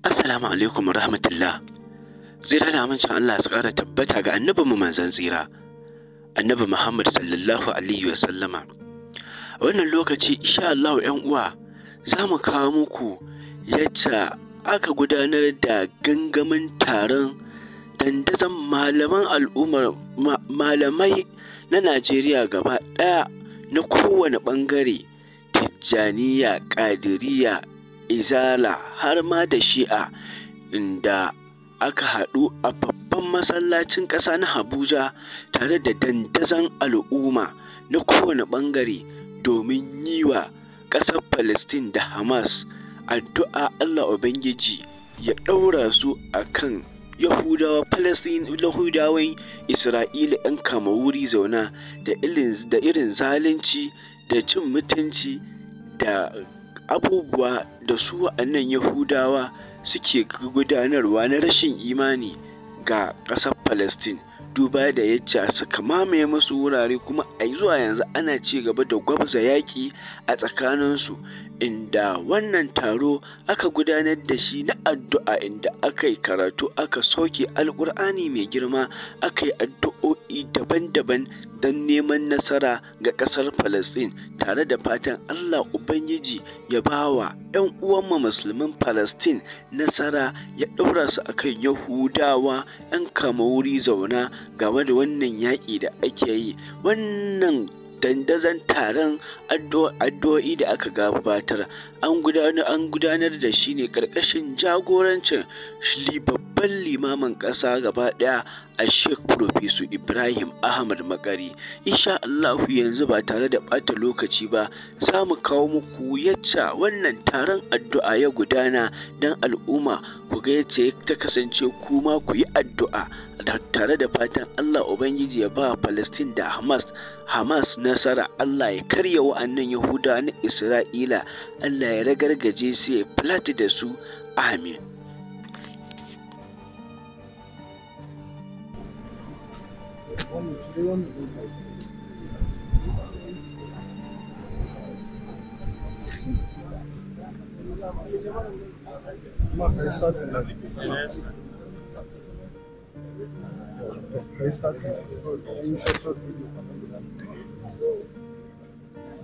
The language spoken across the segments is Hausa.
Assalamu alaikum wa rahmatullah. Tsira na amincin Allah su ƙara tabbata ga mu, manzan tsira, annabi Muhammad sallallahu Alaihi wa sallama. A wannan lokaci, insha Allah ‘yan uwa, za mu kawo muku yadda aka gudanar da gangamin taron dandazon malaman al'ummar malamai na Najeriya gaba ɗaya na kowane ɓangare, Tijjaniya, Ƙadiriya, izala har ma da shi'a inda aka haɗu a babban masallacin ƙasa na habuja tare da dandazon al'umma na kowane ɓangare domin yi wa ƙasar Palestine da Hamas addu'a Allah Ubangiji ya ɗaura su a kan Yahudawa Yahudawan Isra'ila 'yan kama wuri zauna da irin zalunci da cin mutunci da abubuwa da su wa'annan Yahudawa suke gudanarwa na rashin imani ga ƙasar Falastin duba da yadda suka mamaye musu wurare kuma a zuwa yanzu ana ci gaba da gwabza yaƙi a tsakaninsu inda wannan taro aka gudanar da shi na addu'a inda aka yi karatu aka soke alƙur'ani mai girma aka yi addu'o'i daban-daban don neman nasara ga ƙasar Falasɗin tare da fatan Allah Ubangiji ya ba wa 'yan uwanmu musulmin Falasɗin nasara ya ɗaura su a kan Yahudawa 'yan kama wuri zauna game da wannan yaƙi da ake yi. Wannan dandazon taron addu'o'i da aka gabatar an gudanar da shi ne karkashin jagorancin shi babban limamin ƙasa gaba ɗaya a shek profesor ibrahim ahmad makari insha allahu yanzu ba tare da ɓata lokaci ba za mu kawo muku yacca wannan taron addu'a ya gudana don al'umma ku ga ya ta kasance kuma ku yi addu'a tare da fatan allah ubangiji ya ba palestine da hamas hamas nasara allah ya karya wa'annan yahuda na isra'ila allah ya ragargaje su ya filata da su amin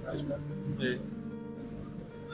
Thank you.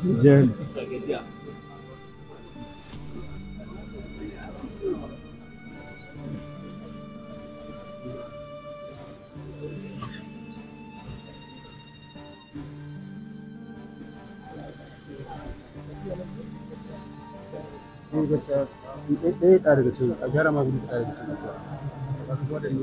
Hujan. Iya. Ini kita ada kecil, agak ramah kita ada kecil. Kalau kedua ada ini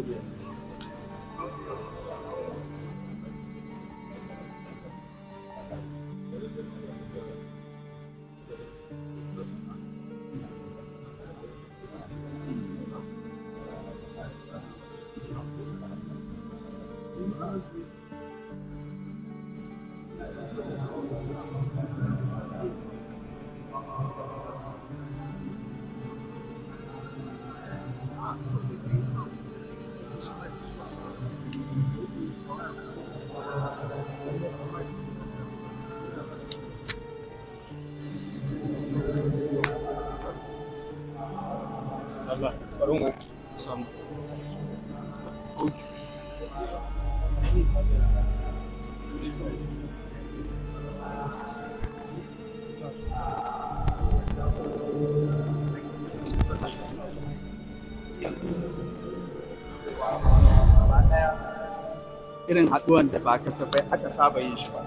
irin haɗuwan da ba kasafai aka saba yin shi ba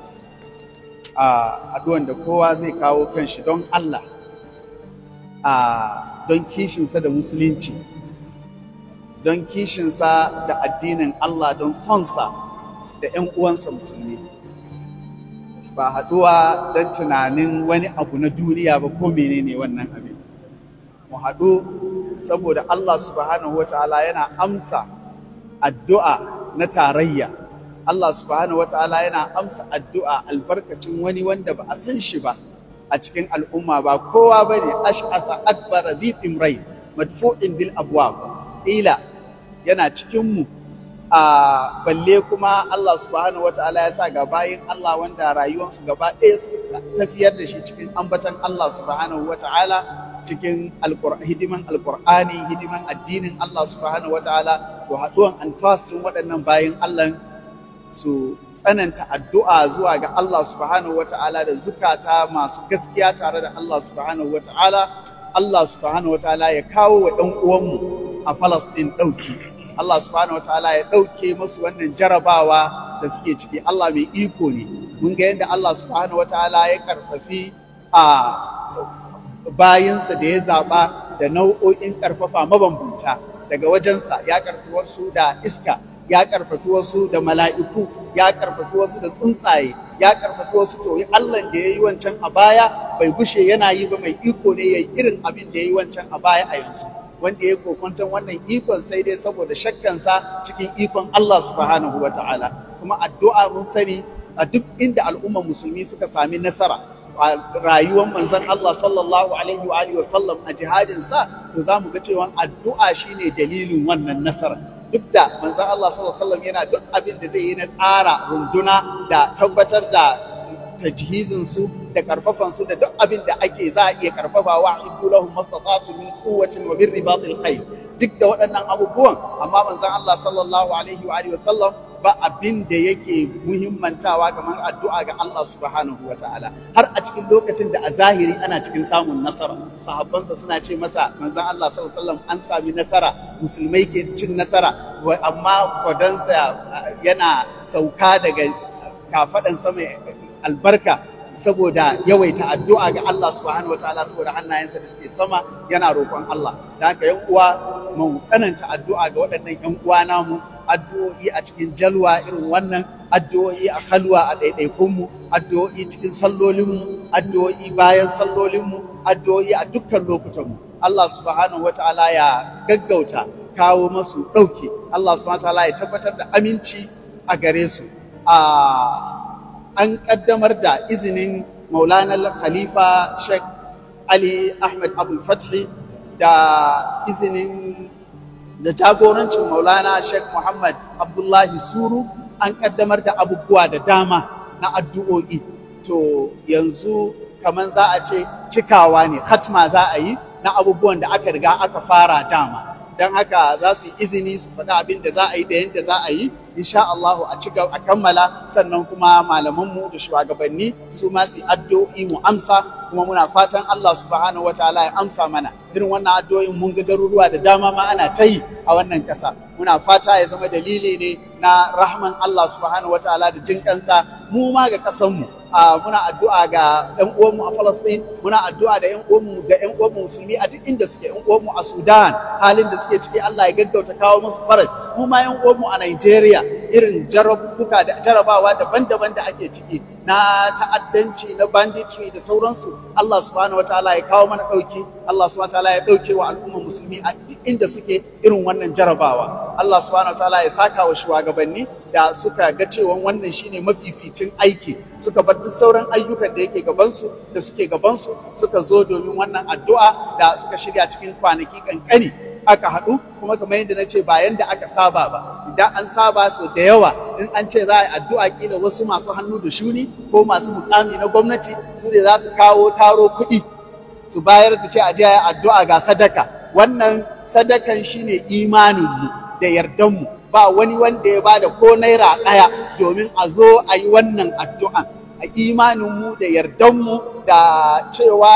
a haɗuwan da kowa zai kawo kanshi don Allah a don kishinsa da musulunci don kishinsa da addinin Allah don sonsa da 'yan uwansa musulmi ba haɗuwa don tunanin wani abu na duniya ba ko menene wannan abin mu haɗu saboda Allah subhanahu wa ta'ala yana amsa addu'a na tarayya Allah subhanahu wataala yana amsa addu'a albarkacin wani wanda ba a san shi ba a cikin al'umma ba kowa bane ash'atha akbar dhi imrai madfu'in bil abwab ila yana cikin mu a balle kuma Allah subhanahu ya sa ga bayin Allah wanda rayuwarsu gaba ɗaya su tafiyar da shi cikin ambatan Allah subhanahu cikin hidiman alkur'ani hidiman addinin Allah subhanahu wataala to haɗuwan anfas ɗin waɗannan bayan Allah su tsananta addu'a zuwa ga Allah subhanahu ta'ala da zukata masu gaskiya tare da Allah subhanahu ta'ala. Allah subhanahu ta'ala ya kawo wa ɗan uwanmu a Falastin ɗauki Allah subhanahu ta'ala ya ɗauke masu wannan jarabawa da suke ciki Allah mai iko ne mun ga yadda Allah subhanahu ta'ala ya karfafi a bayansa da ya zaɓa da nau'o'in ƙarfafa mabambanta daga wajensa ya karfi wasu da iska ya karfafi wasu da mala'iku ya karfafi wasu da tsuntsaye ya karfafi wasu to Allah da ya yi wancan a baya bai gushe yana yi ba mai iko ne ya yi irin abin da ya yi wancan a baya a yanzu wanda ya kokwantar wannan ikon sai dai saboda shakkansa cikin ikon Allah subhanahu wa ta'ala kuma addu'a mun sani a duk inda al'ummar musulmi suka sami nasara rayuwar manzon Allah sallallahu alaihi wa alihi wasallam a jihadin sa to zamu ga cewa addu'a shine dalilin wannan nasara duk da manzon Allah sallallahu alaihi yana duk abin da zai yi na tsara runduna da tabbatar da tajhizin su da karfafan su da duk abin da ake za a iya karfafawa ikulahum mastata'tu min quwwatin wa min ribatil khayr duk da waɗannan abubuwan amma manzon Allah sallallahu alaihi wa alihi ba abin da yake muhimmantawa kamar addu'a ga Allah subhanahu wa ta'ala har a cikin lokacin da a zahiri ana cikin samun nasara sahabbansa suna ce masa manzon Allah sallallahu alaihi an sami nasara musulmai ke cin nasara amma kwadansa yana sauka daga kafaɗan sama albarka saboda yawaita addu'a ga Allah subhanahu wataala saboda hannayensa da suke sama yana roƙon Allah da haka yan uwa mu tsananta addu'a ga waɗannan yan uwa namu addu'o'i a cikin jalwa irin wannan addu'o'i a halwa a ɗaiɗaikunmu addu'o'i cikin sallolinmu addu'o'i bayan sallolinmu addu'o'i a dukkan lokutanmu Allah subhanahu wataala ya gaggauta kawo masu ɗauki Allah subhanahu wataala ya tabbatar da aminci a gare su a ah, an ƙaddamar da izinin maulanar khalifa sheikh ali ahmed abul da izinin da jagorancin maulana sheikh muhammad abdullahi suru an ƙaddamar da abubuwa da dama na addu'o'i to yanzu kamar za a ce cikawa ne hatma za a yi na abubuwan da aka riga aka fara dama don haka za su yi izini su faɗa abin da za a yi da yadda za a yi insha Allah a ci a kammala sannan kuma malamanmu da shugabanni su ma su addu'o'i mu amsa kuma muna fatan Allah subhanahu wataala ya amsa mana irin wannan addu'o'in mun ga garuruwa da dama ma ana ta yi a wannan ƙasa muna fata ya zama dalili ne na rahman Allah subhanahu wataala da jin kansa mu ma ga ƙasarmu Ah, muna addu'a ga ɗan uwanmu a Falasɗin, muna addu'a da ƴan uwanmu ga ƴan uwanmu musulmi a duk inda suke ƴan uwanmu a Sudan halin da suke ciki Allah ya gaggauta kawo musu faraj mu ma ƴan uwanmu a Nigeria irin jarabuka da jarabawa daban-daban da ake ciki na ta'addanci na banditry da sauransu Allah subhanahu ta'ala ya kawo mana dauki Allah subhanahu ta'ala ya ɗauke wa al'ummar musulmi a duk inda suke irin wannan jarabawa Allah subhanahu ta'ala ya saka wa shugabanni da suka ga cewa wannan shine mafificin aiki suka bar duk sauran ayyukan da yake gabansu da suke gabansu suka zo domin wannan addu'a da suka shirya cikin kwanaki kankani aka haɗu kuma kamar yadda na ce ba yadda aka saba ba idan an saba so da yawa in an ce za a yi addu'a kila wasu masu hannu da shuni ko masu mukami na gwamnati su ne za su kawo taro kuɗi su bayar su ce a je a yi addu'a ga sadaka wannan sadakan shine imanin mu da yardanmu ba wani wanda ya bada ko naira ɗaya domin a zo a yi wannan addu'an a imanin mu da yardan mu da cewa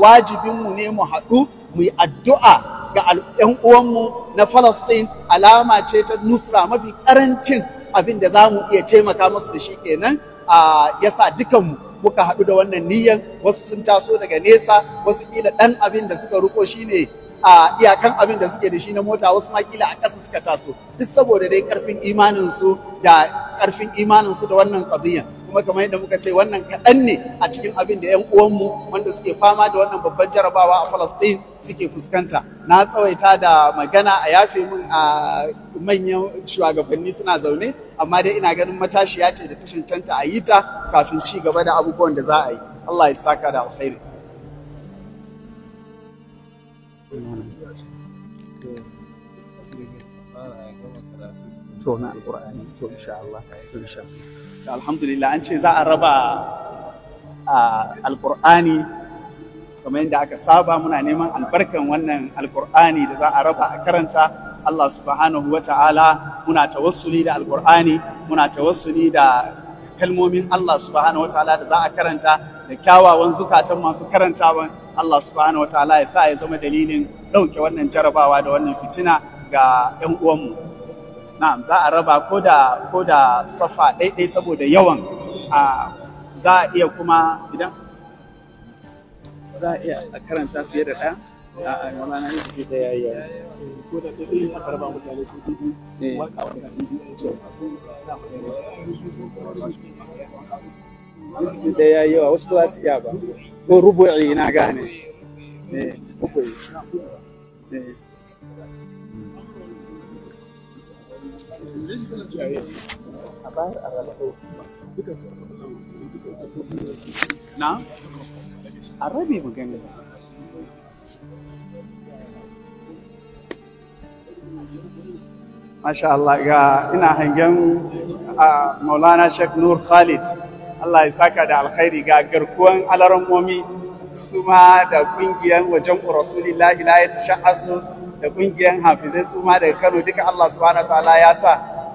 wajibin mu ne mu haɗu mu yi addu'a ga al'yan uwanmu na Falastin alama ce ta nusra mafi karancin abin da za mu iya taimaka musu da shi kenan a yasa dukanmu muka haɗu da wannan niyyan wasu sun taso daga nesa wasu kila ɗan abin da suka ruko shine a iyakan abin da suke da shi na mota wasu ma kila a ƙasa suka taso duk saboda dai ƙarfin imaninsu da ƙarfin imaninsu da wannan ƙadiyyan kuma kamar yadda muka ce wannan kaɗan ne a cikin abin da 'yan uwanmu wanda suke fama da wannan babban jarabawa a Falasɗin suke fuskanta na tsawaita da magana a yafe mun a manyan shugabanni suna zaune amma dai ina ganin matashiya ce da tashin canta a yi ta kafin ci gaba da abubuwan da za a yi Allah ya saka da alkhairi to na Al-Qur'ani, to Allah to Allah alhamdulillah an ce za a raba alkur'ani kamar yadda aka saba muna neman albarkan wannan alkur'ani da za a raba a karanta Allah subhanahu wa ta'ala muna tawassuli da alkur'ani muna tawassuli da kalmomin Allah subhanahu wa ta'ala da za a karanta da kyawawan zukatan masu karantawa Allah subhanahu wa ta'ala ya sa ya zama dalilin ɗauke wannan jarabawa da wannan fitina ga 'yan uwanmu. na'am za a raba ko da ko da safa ɗaiɗai saboda yawan a za a iya kuma idan za a iya a karanta fiye da ɗaya a a yi da ko da ɗaiɗai aka raba mutane ko wasu ba su ba ko rubu'i na gane ne ne ne a Masha Allah ga ina hangen a Maulana Sheikh Nur Khalid Allah ya saka da alkhairi ga garkuwan alarammomi su ma da kungiyan wajen Rasulillahi la ya tasha'asu da kungiyan hafizai su ma daga Kano duka Allah subhanahu wa ta'ala ya sa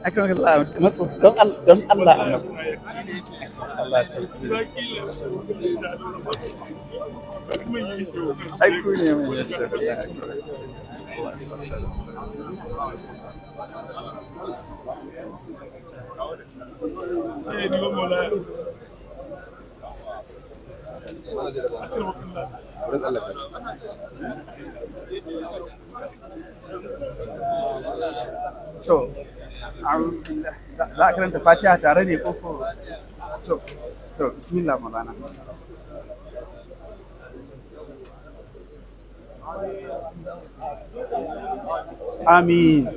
akan Allah matsu a matsu Allah sauki ai to za a karanta fatiha tare ne ko to to bismillah maulana amin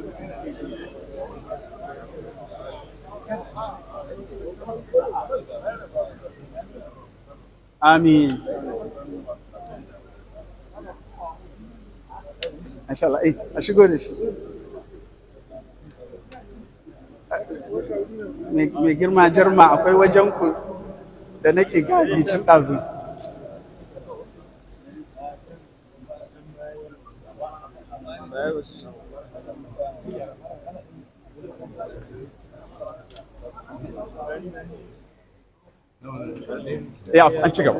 amin insha Allah eh a shigo da shi mai girma jarma akwai wajen ku da nake gaji tun ɗazu Ya, an ci gaba.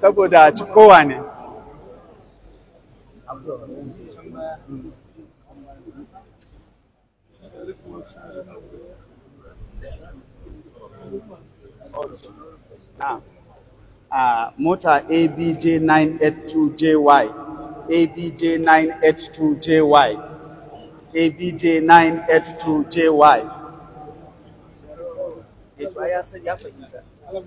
saboda cikowa ne ah, ah, a mota abj982jy abj982jy abj982jy Y vaya a hacer ya fecha. Pues,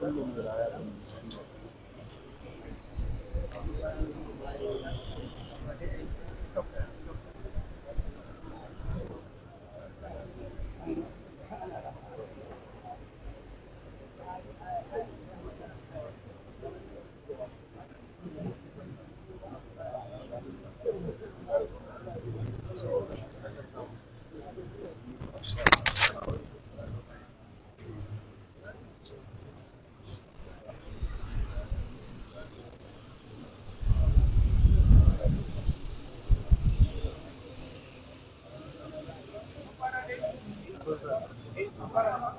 Thank બરાબર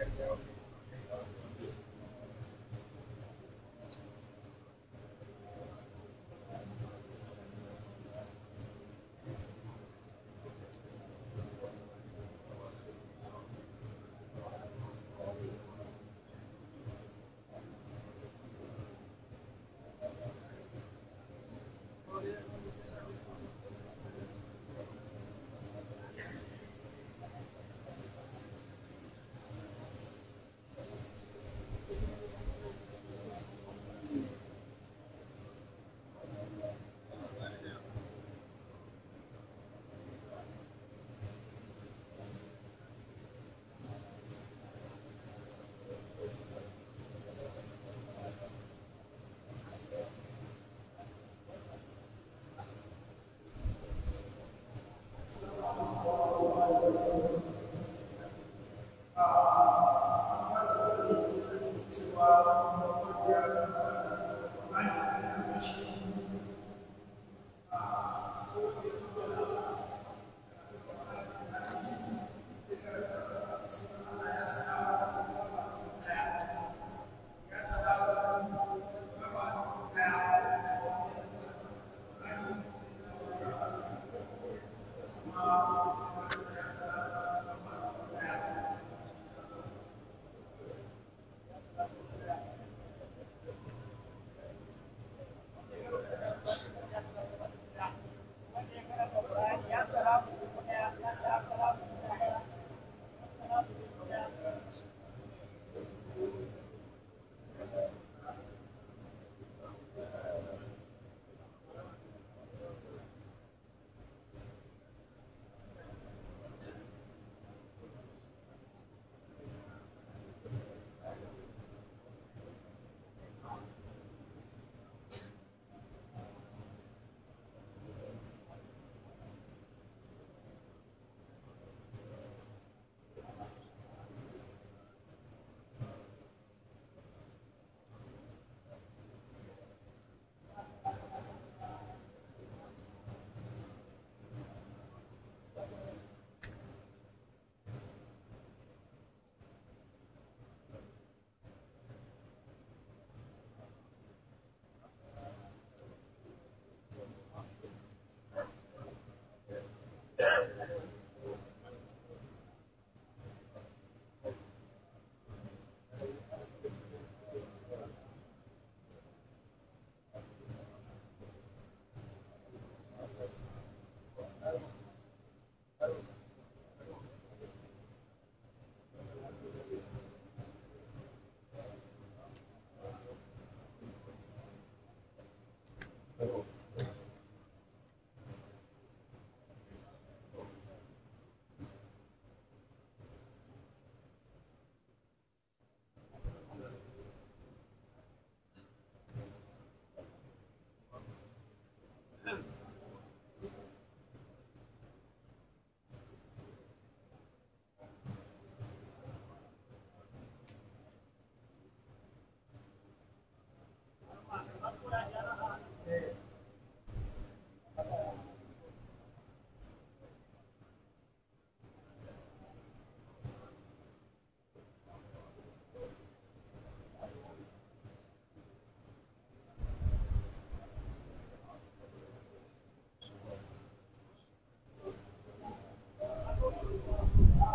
Thank you. Uh,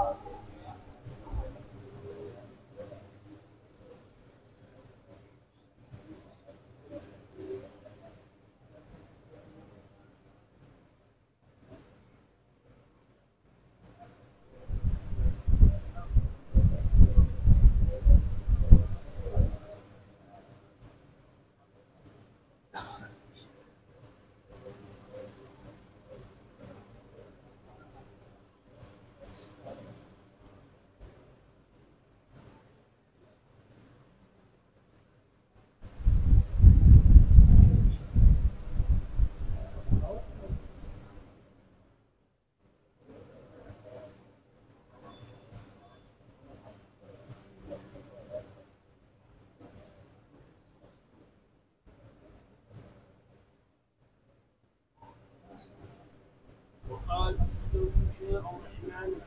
powerful. Şu Allah'ın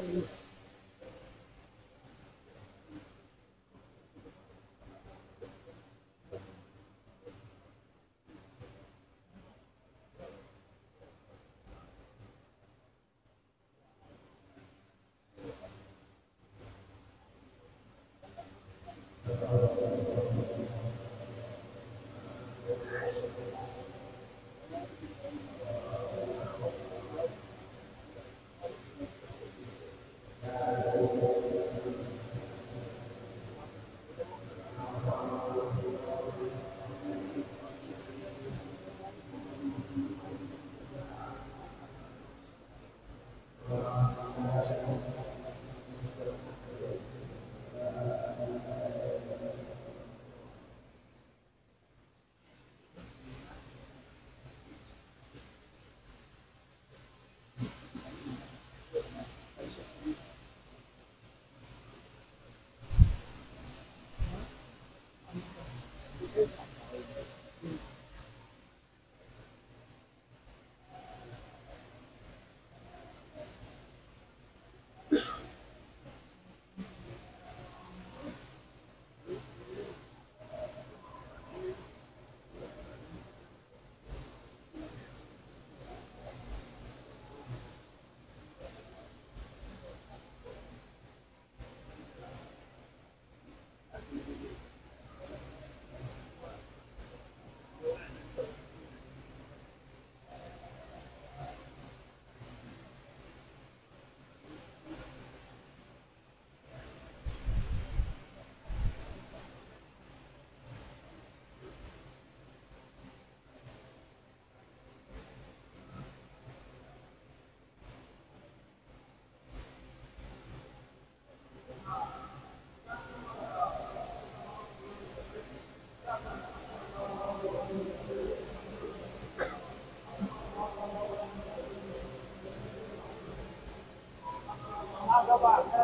colleagues.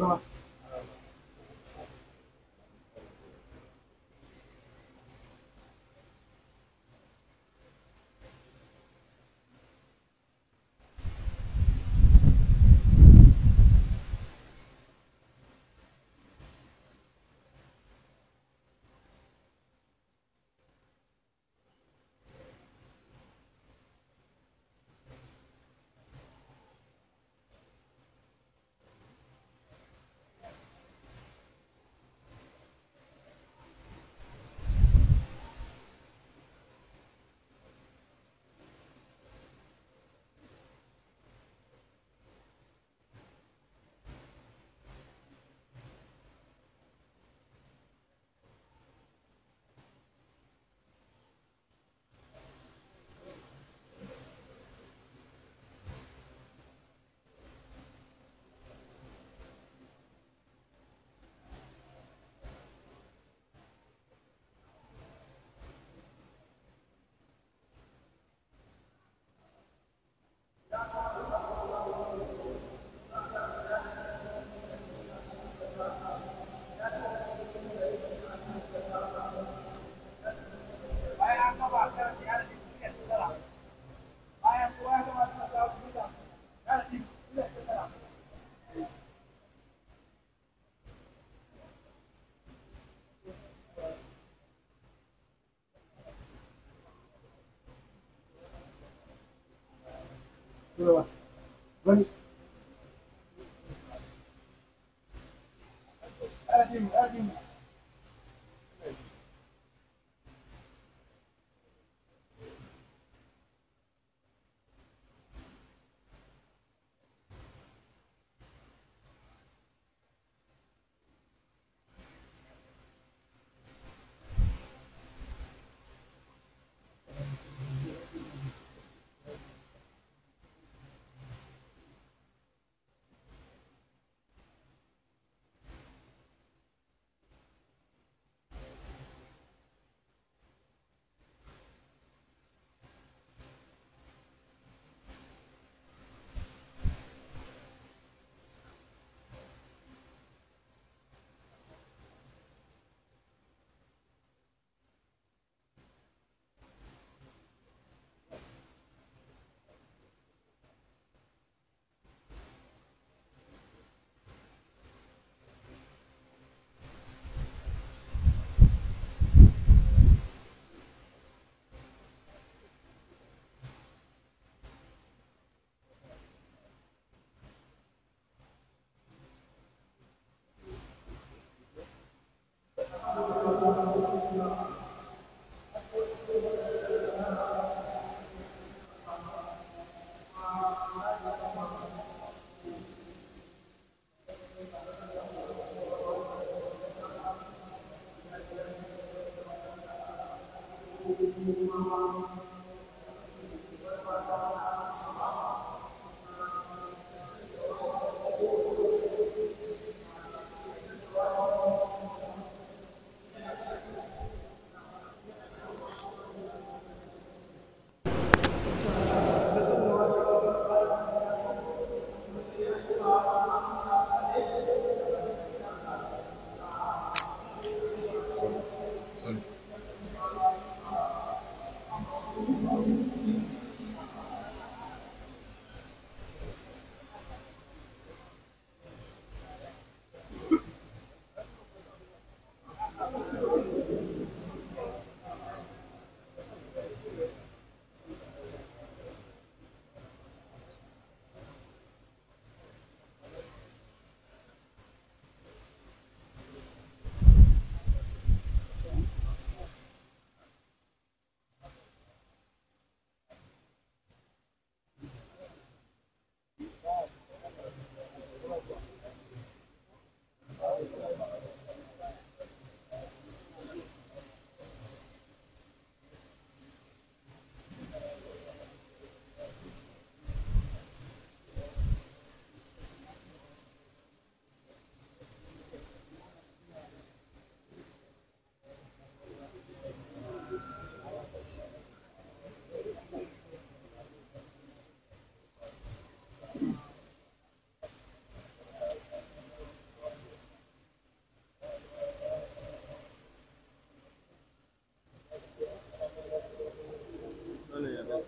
Nossa. Well, when, I do, I do.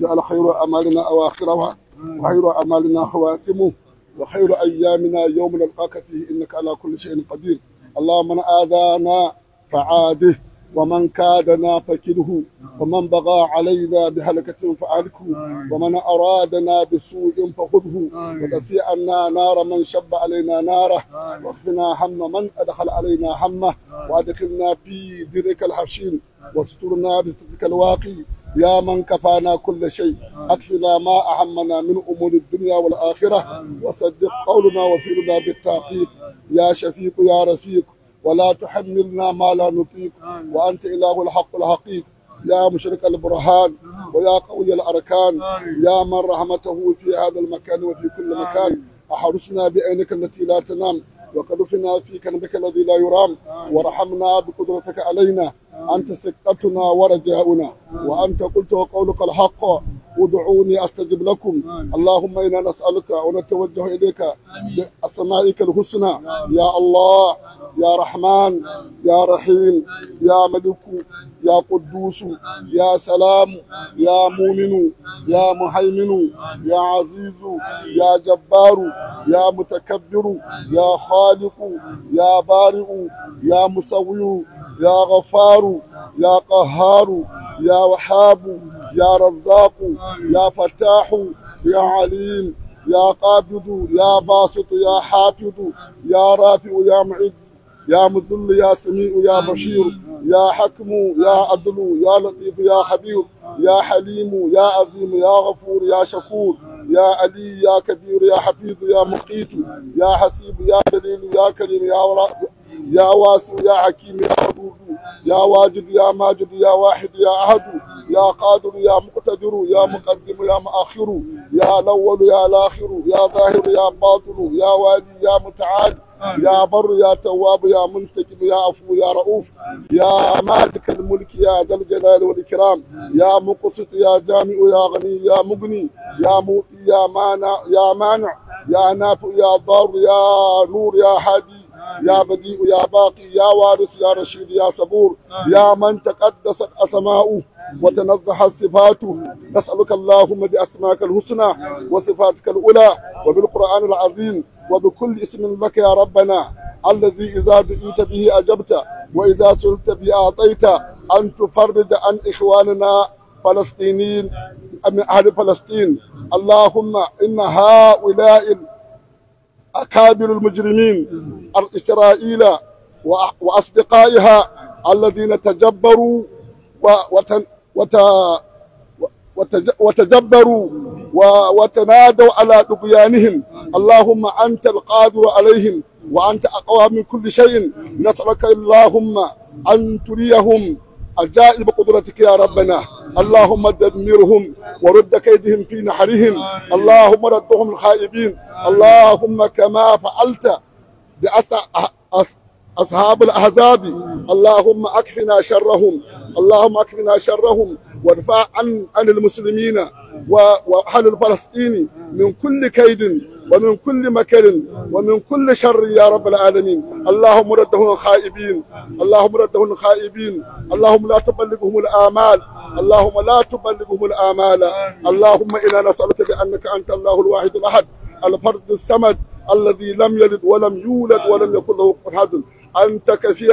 جعل خير أعمالنا أواخرها وخير أعمالنا خواتمه وخير أيامنا يوم نلقاك فيه إنك على كل شيء قدير اللهم من آذانا فعاده ومن كادنا فكله ومن بغى علينا بهلكة فعلكه ومن أرادنا بسوء فخذه وتسيء عنا نار من شب علينا ناره واخفنا هم من أدخل علينا همه وأدخلنا في درك الحشين واسترنا بسترك الواقي يا من كفانا كل شيء اكفنا آه. ما اهمنا من امور الدنيا والاخره آه. وصدق قولنا وفعلنا بالتحقيق يا شفيق يا رفيق ولا تحملنا ما لا نطيق آه. وانت اله الحق الحقيق يا مشرك البرهان ويا قوي الاركان يا من رحمته في هذا المكان وفي كل مكان احرسنا بعينك التي لا تنام وكلفنا في كنبك الذي لا يرام ورحمنا بقدرتك علينا أنت سكتنا ورجاؤنا وأنت قلت قولك الحق ادعوني أستجب لكم اللهم إنا نسألك ونتوجه إليك بأسمائك الحسنى يا الله يا رحمن يا رحيم يا ملك يا قدوس يا سلام يا مؤمن يا مهيمن يا عزيز يا جبار يا متكبر يا خالق يا بارئ يا مسوي يا غفار يا قهار يا وحاب يا رزاق يا فتاح يا عليم يا قابض يا باسط يا حافظ يا رافع يا معز يا مذل يا سميع يا بشير يا حكم يا عدل يا لطيف يا خبير يا حليم يا عظيم يا غفور يا شكور يا علي يا كبير يا حفيظ يا مقيت يا حسيب يا دليل يا كريم يا يا واسع يا حكيم يا ودود يا واجد يا ماجد يا واحد يا أحد يا قادر يا مقتدر يا مقدم يا مؤخر يا الأول يا الآخر يا ظاهر يا باطن يا والي يا متعال يا بر يا تواب يا منتجم يا عفو يا رؤوف يا مالك الملك يا ذا الجلال والإكرام يا مقسط يا جامع يا غني يا مغني يا موطي يا مانع يا مانع يا نافع يا ضار يا نور يا حادي يا بديء يا باقي يا وارث يا رشيد يا صبور يا من تقدست أسماؤه وتنظحت صفاته نسألك اللهم بأسمائك الحسنى وصفاتك الأولى وبالقرآن العظيم وبكل اسم لك يا ربنا الذي إذا دعيت به أجبت وإذا سلت به أعطيت أن تفرج عن إخواننا فلسطينيين من أهل فلسطين اللهم إن هؤلاء أكابر المجرمين إسرائيل وأصدقائها الذين تجبروا وت... وتجبروا وتنادوا على طغيانهم اللهم أنت القادر عليهم وأنت أقوى من كل شيء نسألك اللهم أن تريهم عجائب قدرتك يا ربنا اللهم دمرهم ورد كيدهم في نحرهم اللهم ردهم الخائبين اللهم كما فعلت بأصحاب الأحزاب اللهم أكفنا شرهم اللهم أكفنا شرهم ودفاع عن عن المسلمين واهل الفلسطيني من كل كيد ومن كل مكر ومن كل شر يا رب العالمين اللهم ردهم خائبين اللهم ردهم خائبين اللهم لا تبلغهم الامال اللهم لا تبلغهم الامال اللهم انا نسالك بانك انت الله الواحد الاحد الفرد الصمد الذي لم يلد ولم يولد ولم يكن له احد ان تكفي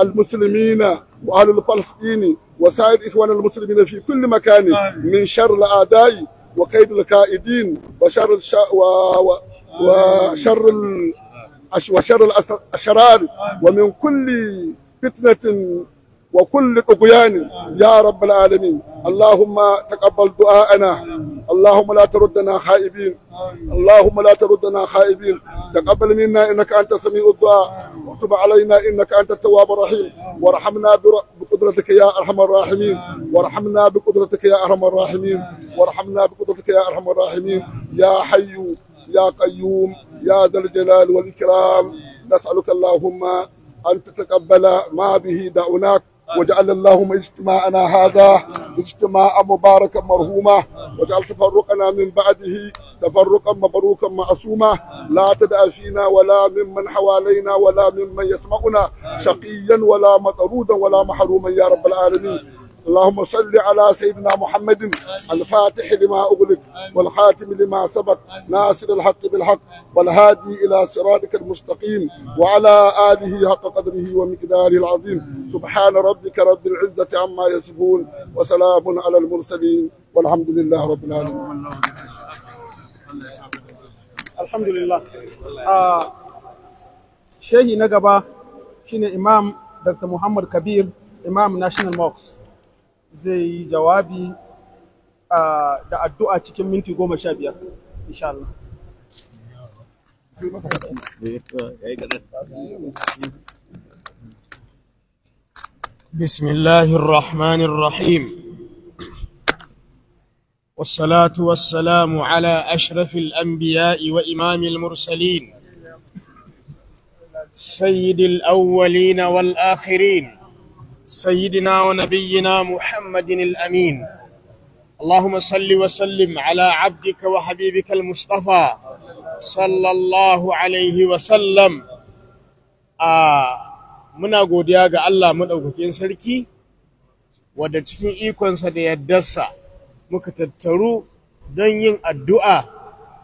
المسلمين واهل الفلسطيني وسائر إخوان المسلمين في كل مكان من شر الأعداء وكيد الكائدين وشر الش... و... و... وشر ال... وشر الأشرار ومن كل فتنة وكل طغيان يا رب العالمين اللهم تقبل دعاءنا اللهم لا تردنا خائبين اللهم لا تردنا خائبين تقبل منا انك انت سميع الدعاء وتب علينا انك انت التواب الرحيم وارحمنا بقدرتك يا ارحم الراحمين وارحمنا بقدرتك يا ارحم الراحمين وارحمنا بقدرتك يا ارحم الراحمين يا حي يا قيوم يا ذا الجلال والاكرام نسالك اللهم ان تتقبل ما به دعوناك واجعل اللهم اجتماعنا هذا اجتماعا مباركا مرهوما واجعل تفرقنا من بعده تفرقا مبروكا معصوما لا تدع فينا ولا ممن حوالينا ولا ممن يسمعنا شقيا ولا مطرودا ولا محروما يا رب العالمين اللهم صل على سيدنا محمد الفاتح لما أغلق والخاتم لما سبق ناصر الحق بالحق والهادي إلى صراطك المستقيم وعلى آله حق قدره ومقداره العظيم سبحان ربك رب العزة عما يصفون وسلام على المرسلين والحمد لله رب العالمين الحمد لله شيء نقبة شين إمام دكتور محمد كبير إمام ناشونال موكس zai yi jawabi da addu'a cikin minti goma sha biyar insha Allah. بسم الله الرحمن الرحيم والصلاة والسلام على أشرف الأنبياء وإمام المرسلين سيد الأولين والآخرين سيدنا ونبينا محمد الأمين اللهم صل وسلم على عبدك وحبيبك المصطفى صلى الله عليه وسلم muna godiya ga Allah maɗaukakin sarki wadda cikin ikonsa da yaddarsa muka tattaru don yin addu'a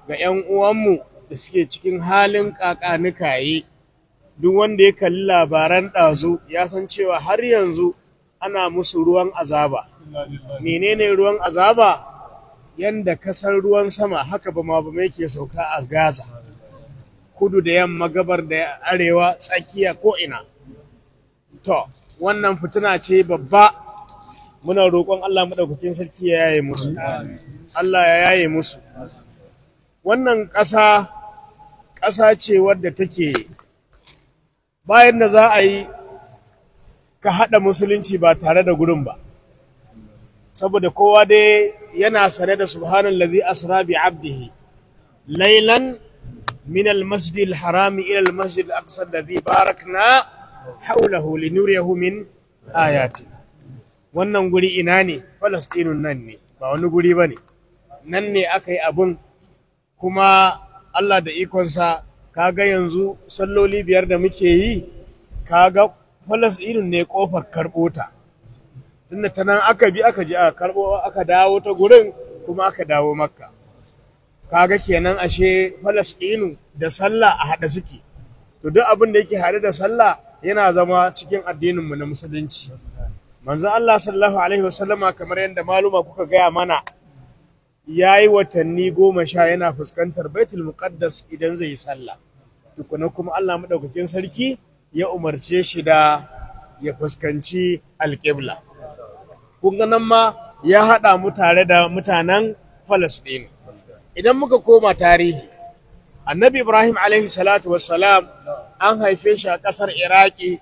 ga ‘yan uwanmu da suke cikin halin ƙaƙanikaye. duk wanda ya kalli labaran ɗazu ya san cewa har yanzu ana musu ruwan azaba menene ruwan azaba yanda kasar ruwan sama haka ba ma ba ke sauka a gaza kudu da yamma gabar da arewa tsakiya ko ina to wannan fituna ce babba muna roƙon Allah maɗaukakin sarki ya yaye musu Allah ya yaye musu wannan ƙasa ƙasa ce wadda take bayan da za a yi ka haɗa musulunci ba tare da gurin ba saboda kowa dai yana sane da subhanan lazi asra bi abdihi lailan min almasjid alharami ila almasjid alaqsa alladhi barakna hawlahu linuriyahu min ayatina wannan guri ina ne falastinun nan ne ba wani guri bane nan ne aka yi abun kuma Allah da ikonsa kaga yanzu salloli biyar da muke yi kaga irin ne kofar karɓo ta tunda ta nan aka bi aka ji aka karɓo aka dawo ta gurin kuma aka dawo makka kaga kenan ashe inu da sallah a haɗa suke to duk abin da yake haɗe da sallah yana zama cikin addininmu na musulunci manzo Allah sallallahu alaihi wasallama kamar yadda maluma kuka gaya mana ya yi watanni goma sha yana fuskantar baitul muqaddas idan zai yi sallah tukuna kuma Allah madaukakin sarki ya umarce shi da ya fuskanci alƙibla kun ga nan ma ya haɗa mu tare da mutanen Falasɗinu idan muka koma tarihi annabi Ibrahim alaihi salatu wassalam an haife shi a ƙasar Iraki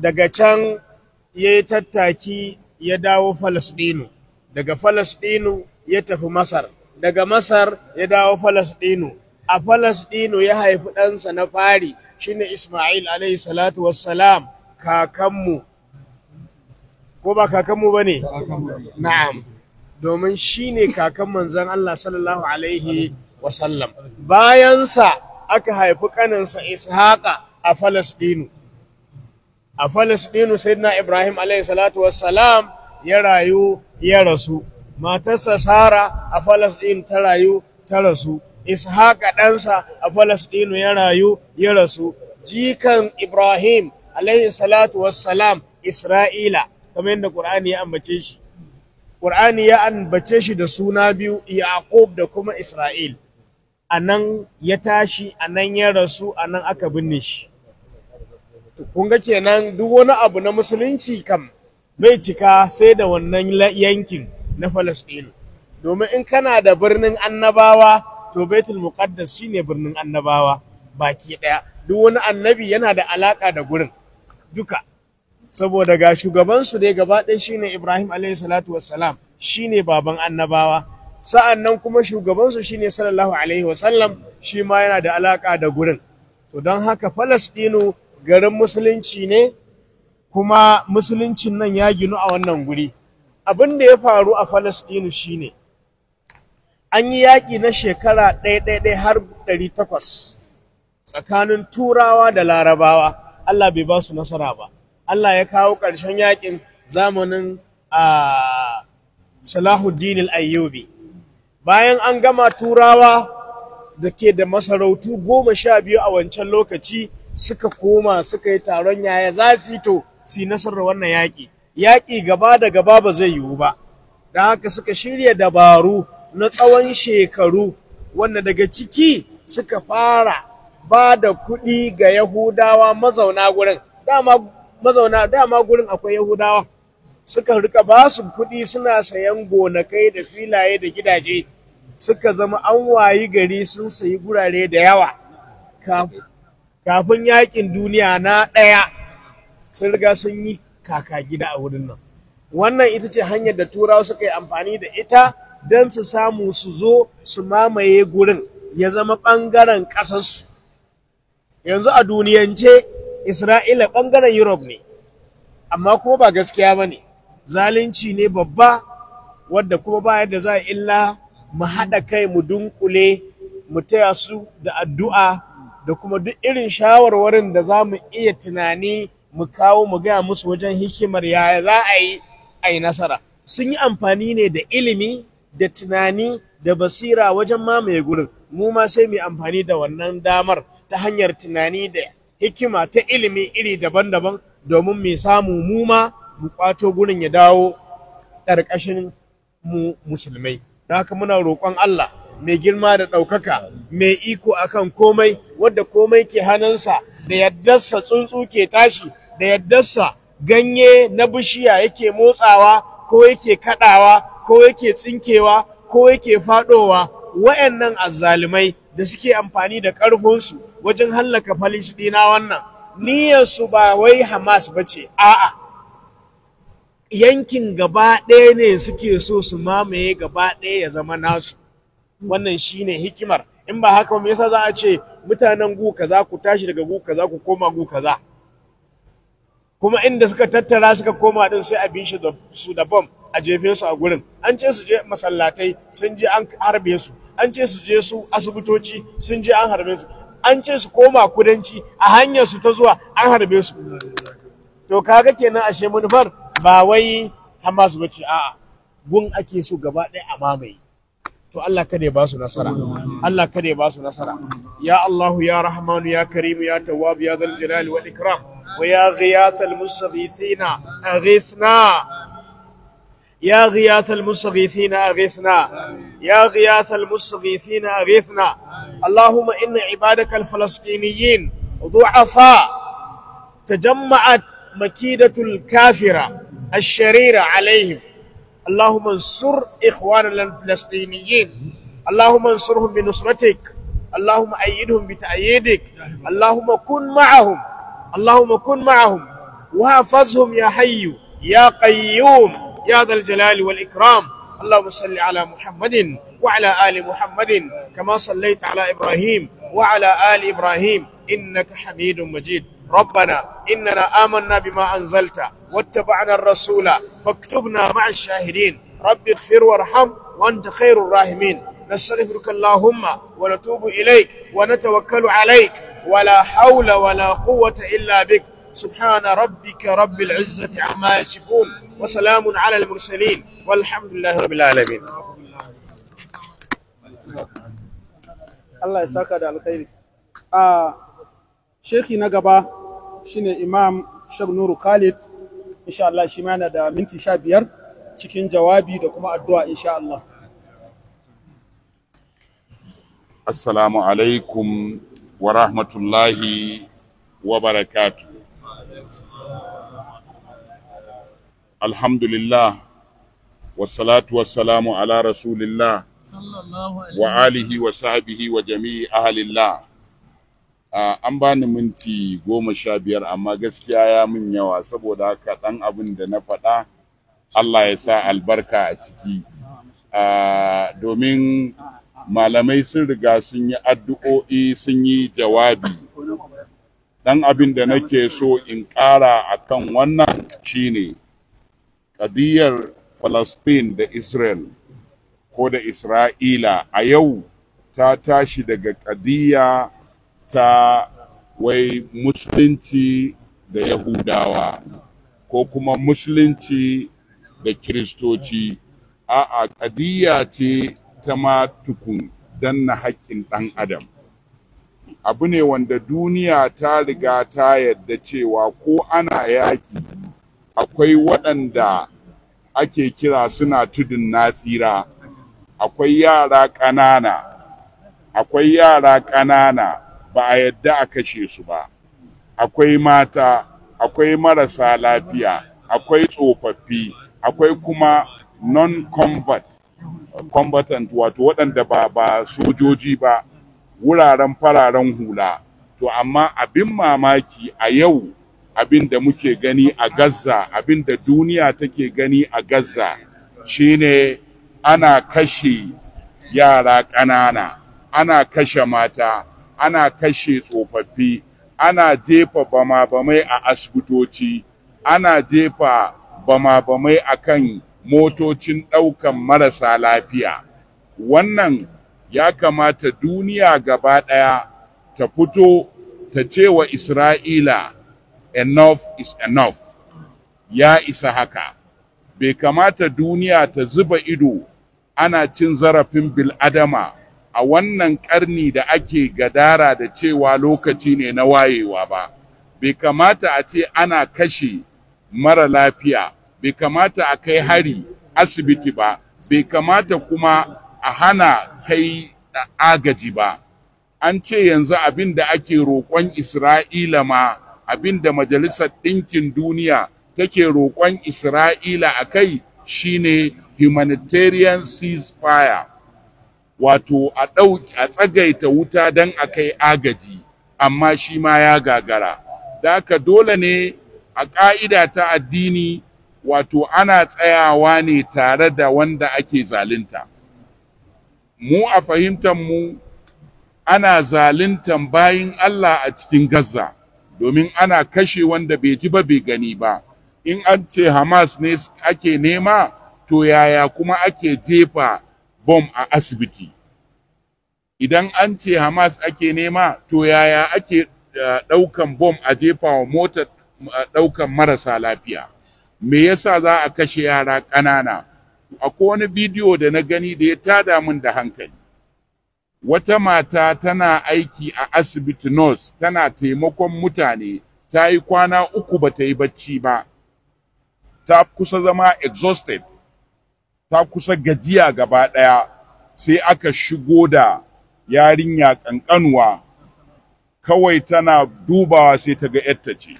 daga can ya yi tattaki ya dawo Falasɗinu daga Falasɗinu ya tafi Masar, daga Masar ya dawo Falasɗinu, a Falasɗinu ya haifi ɗansa na fari ne Ismail alayhi salatu wassalam kakanmu, ko ba kakanmu ba ne? Na'am, domin shi ne kakan manzan Allah sallallahu alaihi wasallam. Bayansa aka haifi ƙaninsa Ishaqa a Falasɗinu. A Falasɗinu Sayyidina Ibrahim alayhi salatu wassalam ya rayu ya rasu. matarsa sara a falasɗin ta rayu ta rasu ishaqa ɗansa a falasɗinu ya rayu ya rasu jikan ibrahim alaihi salatu wassalam isra'ila kamar yadda ƙur'ani ya ambace shi ƙur'ani ya ambace shi da suna biyu yaqub da kuma isra'il a nan ya tashi a nan ya rasu a nan aka binne shi kun ga kenan duk wani abu na musulunci kam bai cika sai da wannan yankin na Falasɗinu. Domin in kana da birnin annabawa, to Baitul Muqaddas ne birnin annabawa baki ɗaya. Duk wani annabi yana da alaƙa da gurin duka. Saboda ga shugabansu dai gaba ɗaya shi ne Ibrahim alayhi salatu shi ne baban annabawa. Sa'an nan kuma shugabansu shi ne sallallahu alaihi wasallam shi ma yana da alaƙa da gurin. To don haka Falasɗinu garin musulunci ne kuma musuluncin nan ya ginu a wannan guri abin da ya faru a Falasɗinu ne. an yi yaƙi na shekara ɗaya-ɗaya har ɗari takwas tsakanin turawa da larabawa Allah bai ba su nasara ba Allah ya kawo ƙarshen yaƙin zamanin a Salahuddin al'ayyobi bayan an gama turawa da ke da masarautu goma sha biyu a wancan lokaci suka koma suka yi taron yaya za su yi to su yi nasarar wannan yaƙi yaƙi gaba da gaba ba zai yiwu ba da haka suka shirya dabaru na tsawon shekaru wanda daga ciki suka fara ba da kuɗi ga yahudawa mazauna gurin dama mazauna gurin akwai yahudawa suka rika ba su kuɗi suna sayan gonakai da filaye da gidaje suka zama an wayi gari sun sayi gurare da yawa kafin yaƙin duniya na ɗaya sun riga sun yi kaka gida a wurin nan wannan ita ce hanyar da turawa suka yi amfani da ita don su samu su zo su mamaye gurin ya zama ɓangaren ƙasarsu yanzu a duniyance isra'ila ɓangaren europe ne amma kuma ba gaskiya ba ne zalunci ne babba wadda kuma ba yadda za a illa mu haɗa kai mu dunkule mu taya su da addu'a da kuma duk irin shawarwarin da za mu iya tunani mu kawo mu gaya musu wajen hikimar yaya za a yi a yi nasara sun yi amfani ne da ilimi da tunani da basira wajen mamaye gurin mu ma sai mu amfani da wannan damar ta hanyar tunani da hikima ta ilimi iri daban-daban domin mu samu mu ma mu kwato gurin ya dawo ƙarƙashin mu musulmai. haka muna roƙon Allah mai girma da ɗaukaka mai iko akan komai wadda komai ke hannunsa da yaddarsa tsuntsu ke tashi da yaddarsa ganye na bishiya yake motsawa ko yake kaɗawa ko yake tsinkewa ko yake faɗowa wa'annan azzalumai da suke amfani da ƙarfinsu wajen hallaka na wannan niyyarsu ba wai hamas ba ce a'a yankin gaba ɗaya ne suke so su mamaye gaba ɗaya ya zama nasu wannan shine hikimar in ba haka me yasa za a ce mutanen gu kaza ku tashi daga gu kaza ku koma gu kaza kuma inda suka tattara suka koma din sai a bi da su da bomb a jefe su a gurin an ce su je masallatai sun je an harbe su an ce su je su asibitoci sun je an harbe su an ce su koma kudanci a hanyar su ta zuwa an harbe su to kaga kenan ashe manufar ba wai Hamas ba ce a'a gun ake so gaba ɗaya a mamaye to الله kada ya ba su nasara Allah kada ya ba su nasara ya Allah ya Rahman ya Karim ya Tawwab ويا غياث المستغيثين أغثنا يا غياث المستغيثين أغثنا يا غياث المستغيثين أغثنا اللهم إن عبادك الفلسطينيين ضعفاء تجمعت مكيدة الكافرة الشريرة عليهم اللهم انصر إخواننا الفلسطينيين اللهم انصرهم بنصرتك اللهم أيدهم بتأييدك اللهم كن معهم اللهم كن معهم وحافظهم يا حي يا قيوم يا ذا الجلال والإكرام اللهم صل على محمد وعلى آل محمد كما صليت على إبراهيم وعلى آل إبراهيم إنك حميد مجيد ربنا إننا آمنا بما أنزلت واتبعنا الرسول فاكتبنا مع الشاهدين رب اغفر وارحم وأنت خير الراحمين نستغفرك اللهم ونتوب إليك ونتوكل عليك ولا حول ولا قوة إلا بك سبحان ربك رب العزة عما يصفون وسلام على المرسلين والحمد لله رب العالمين الله يسعدك على الخير آه sheki na gaba shine imam shek nuru khalid insha Allah shi ma yana da minti sha biyar cikin jawabi da kuma addu'a insha Allah assalamu alaikum wa rahmatullahi wa barakatu alhamdulillah والصلاة ala rasulillah wa alihi wa وصحبه wa أهل الله an bani minti goma sha biyar amma gaskiya ya min yawa saboda haka ɗan abin da na faɗa Allah ya sa albarka a ciki domin malamai sun riga sun yi addu'o'i sun yi jawabi ɗan abin da nake so in ƙara a kan wannan shine ƙabiyar Falastin da Israel ko da Isra'ila a yau ta tashi daga ƙabiya. ta wai musulunci da yahudawa ko kuma musulunci da kiristoci a'a ƙadiyya ce ta ma tukun danna haƙƙin ɗan adam abu ne wanda duniya ta riga ta yadda cewa ko ana yaƙi akwai waɗanda ake kira suna tudun na tsira akwai yara ƙanana akwai yara ƙanana ba a yadda a kashe su ba akwai mata akwai marasa lafiya akwai tsofaffi akwai kuma non-combat combatant wato waɗanda ba ba sojoji ba wuraren fararen hula to amma abin mamaki a yau abin da muke gani a gaza abin da duniya take gani a gaza shine ana kashe yara ƙanana ana kashe mata ana kashe tsofaffi ana jefa bama-bamai a asibitoci ana jefa bama-bamai a kan motocin ɗaukan marasa lafiya wannan ya kamata duniya gaba ɗaya ta fito ta ce wa isra'ila enough is enough ya isa haka bai kamata duniya ta zuba ido ana cin zarafin bil'adama a wannan ƙarni da ake gadara da cewa lokaci ne na wayewa ba, bai kamata a ce ana kashe mara lafiya, bai kamata a kai hari asibiti ba, bai kamata kuma a hana kai agaji ba. An ce yanzu abin da ake roƙon Isra'ila ma, abin da Majalisar Ɗinkin Duniya take roƙon Isra'ila a kai shine humanitarian ceasefire. wato a ɗauki a tsagaita wuta don a kai agaji amma shi ma ya gagara da haka dole ne a ƙa'ida ta addini wato ana tsayawa ne tare da wanda ake zalunta mu a fahimtar mu ana zaluntan bayin Allah a cikin Gaza domin ana kashe wanda bai ji ba bai gani ba in an ce Hamas ne ake nema to yaya kuma ake jefa bom a asibiti idan an ce hamas ake nema to yaya ake eh, ɗaukan bom a jefa wa motar eh, ɗaukan marasa lafiya me yasa za a kashe yara ƙanana akwai wani bidiyo da na gani da ya tada min da hankali wata mata tana aiki a asibiti nurse tana taimakon mutane ta yi kwana uku ba ta yi bacci ba ta kusa zama exhausted ta kusa gajiya gaba ɗaya sai aka shigo da yarinya ƙanƙanuwa kawai tana dubawa sai ta ga yarta ce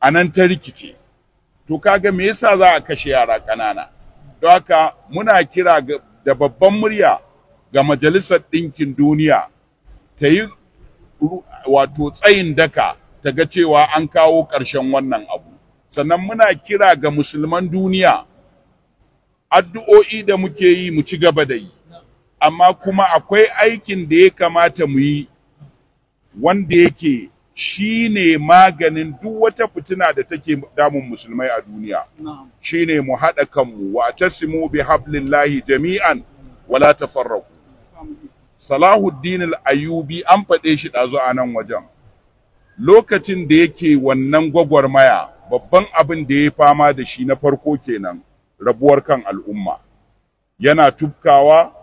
a nan ta rikice to kaga me yasa za a kashe yara ƙanana don haka muna kira da babban murya ga majalisar ɗinkin duniya ta yi wato tsayin daka ta ga cewa an kawo ƙarshen wannan abu sannan muna kira ga musulman duniya addu'o'i da muke yi mu ci gaba da yi amma kuma akwai aikin da ya kamata mu yi wanda yake shi ne maganin duk wata fitina da take damun musulmai a duniya shi ne mu haɗa kanmu wa tasimu bi hablillahi jami'an wala farraku. salahuddin al-ayubi an faɗe shi ɗazu a nan wajen lokacin da yake wannan gwagwarmaya babban abin da ya fama da shi na farko kenan rabuwar kan al'umma yana tubkawa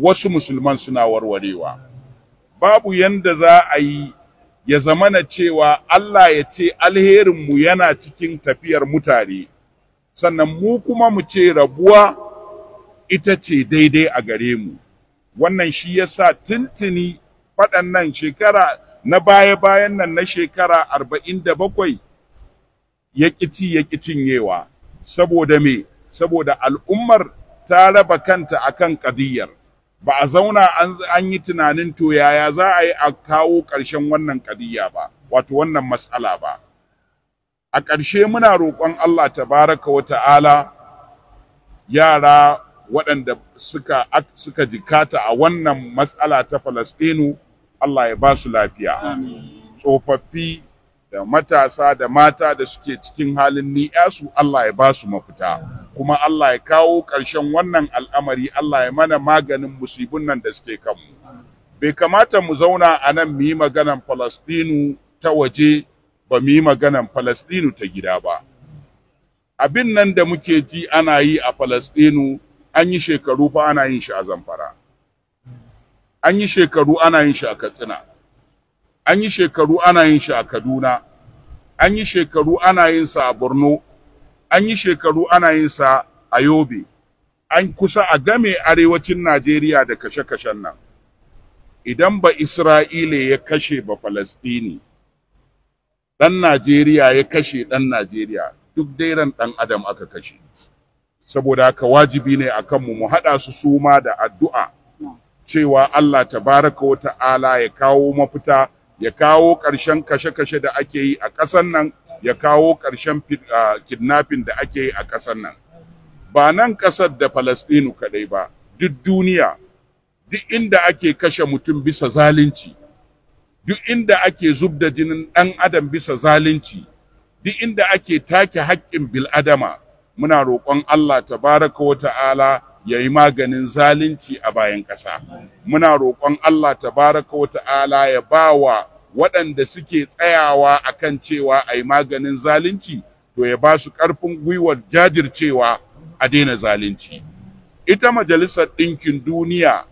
wasu musulman suna warwarewa babu yanda za a yi ya zamana cewa Allah ya ce alherinmu yana cikin tafiyar mutane sannan mu kuma mu ce rabuwa ita ce daidai a gare mu wannan shi yasa tuntuni nan, shekara na baya-bayan nan na shekara arba'in da bakwai ya ƙici ya saboda me saboda al'ummar ta raba kanta a kan ƙadiyyar, ba a zauna an yi tunanin to yaya za a yi a kawo ƙarshen wannan ƙadiyya ba wato wannan matsala ba a ƙarshe muna roƙon Allah tabaraka wa ta'ala yara waɗanda suka jikata a wannan matsala ta Falastinu Allah ya ba su lafiya tsofaffi da matasa da mata da suke cikin halin ni'asu, Allah ya ba su mafita kuma Allah ya kawo ƙarshen wannan al'amari Allah ya mana maganin musibin nan da suke kanmu bai kamata mu zauna a nan mu yi maganan Falastinu ta waje ba mu yi maganan Falastinu ta gida ba abin nan da muke ji ana yi a Falastinu an yi shekaru fa ana yin shi a Zamfara an yi shekaru ana yin shi a Katsina an yi shekaru ana yin shi a Kaduna an yi shekaru ana yin sa a Borno an yi shekaru ana yin sa a Yobe an kusa a game arewacin Najeriya da kashe-kashen nan idan ba Isra'ila ya kashe ba Falastini dan Najeriya ya kashe dan Najeriya duk dairan dan adam aka kashe saboda haka wajibi ne a kanmu, mu haɗa su suma da addu'a cewa Allah baraka wa ta'ala ya kawo mafita ya kawo ƙarshen kashe-kashe da ake yi a ƙasan nan ya kawo ƙarshen kidnapping da ake yi a ƙasar nan ba nan ƙasar da Falastinu kaɗai ba duk duniya duk inda ake kashe mutum bisa zalunci duk inda ake zub da jinin ɗan adam bisa zalunci duk inda ake take haƙƙin bil'adama muna roƙon Allah tabaraka wa ta'ala ya yi maganin zalunci a bayan ƙasa muna roƙon Allah tabaraka wa ta'ala ya ba wa waɗanda suke tsayawa a kan cewa a yi maganin zalunci to ya ba su ƙarfin gwiwar jajircewa a daina zalunci. Ita Majalisar Ɗinkin Duniya,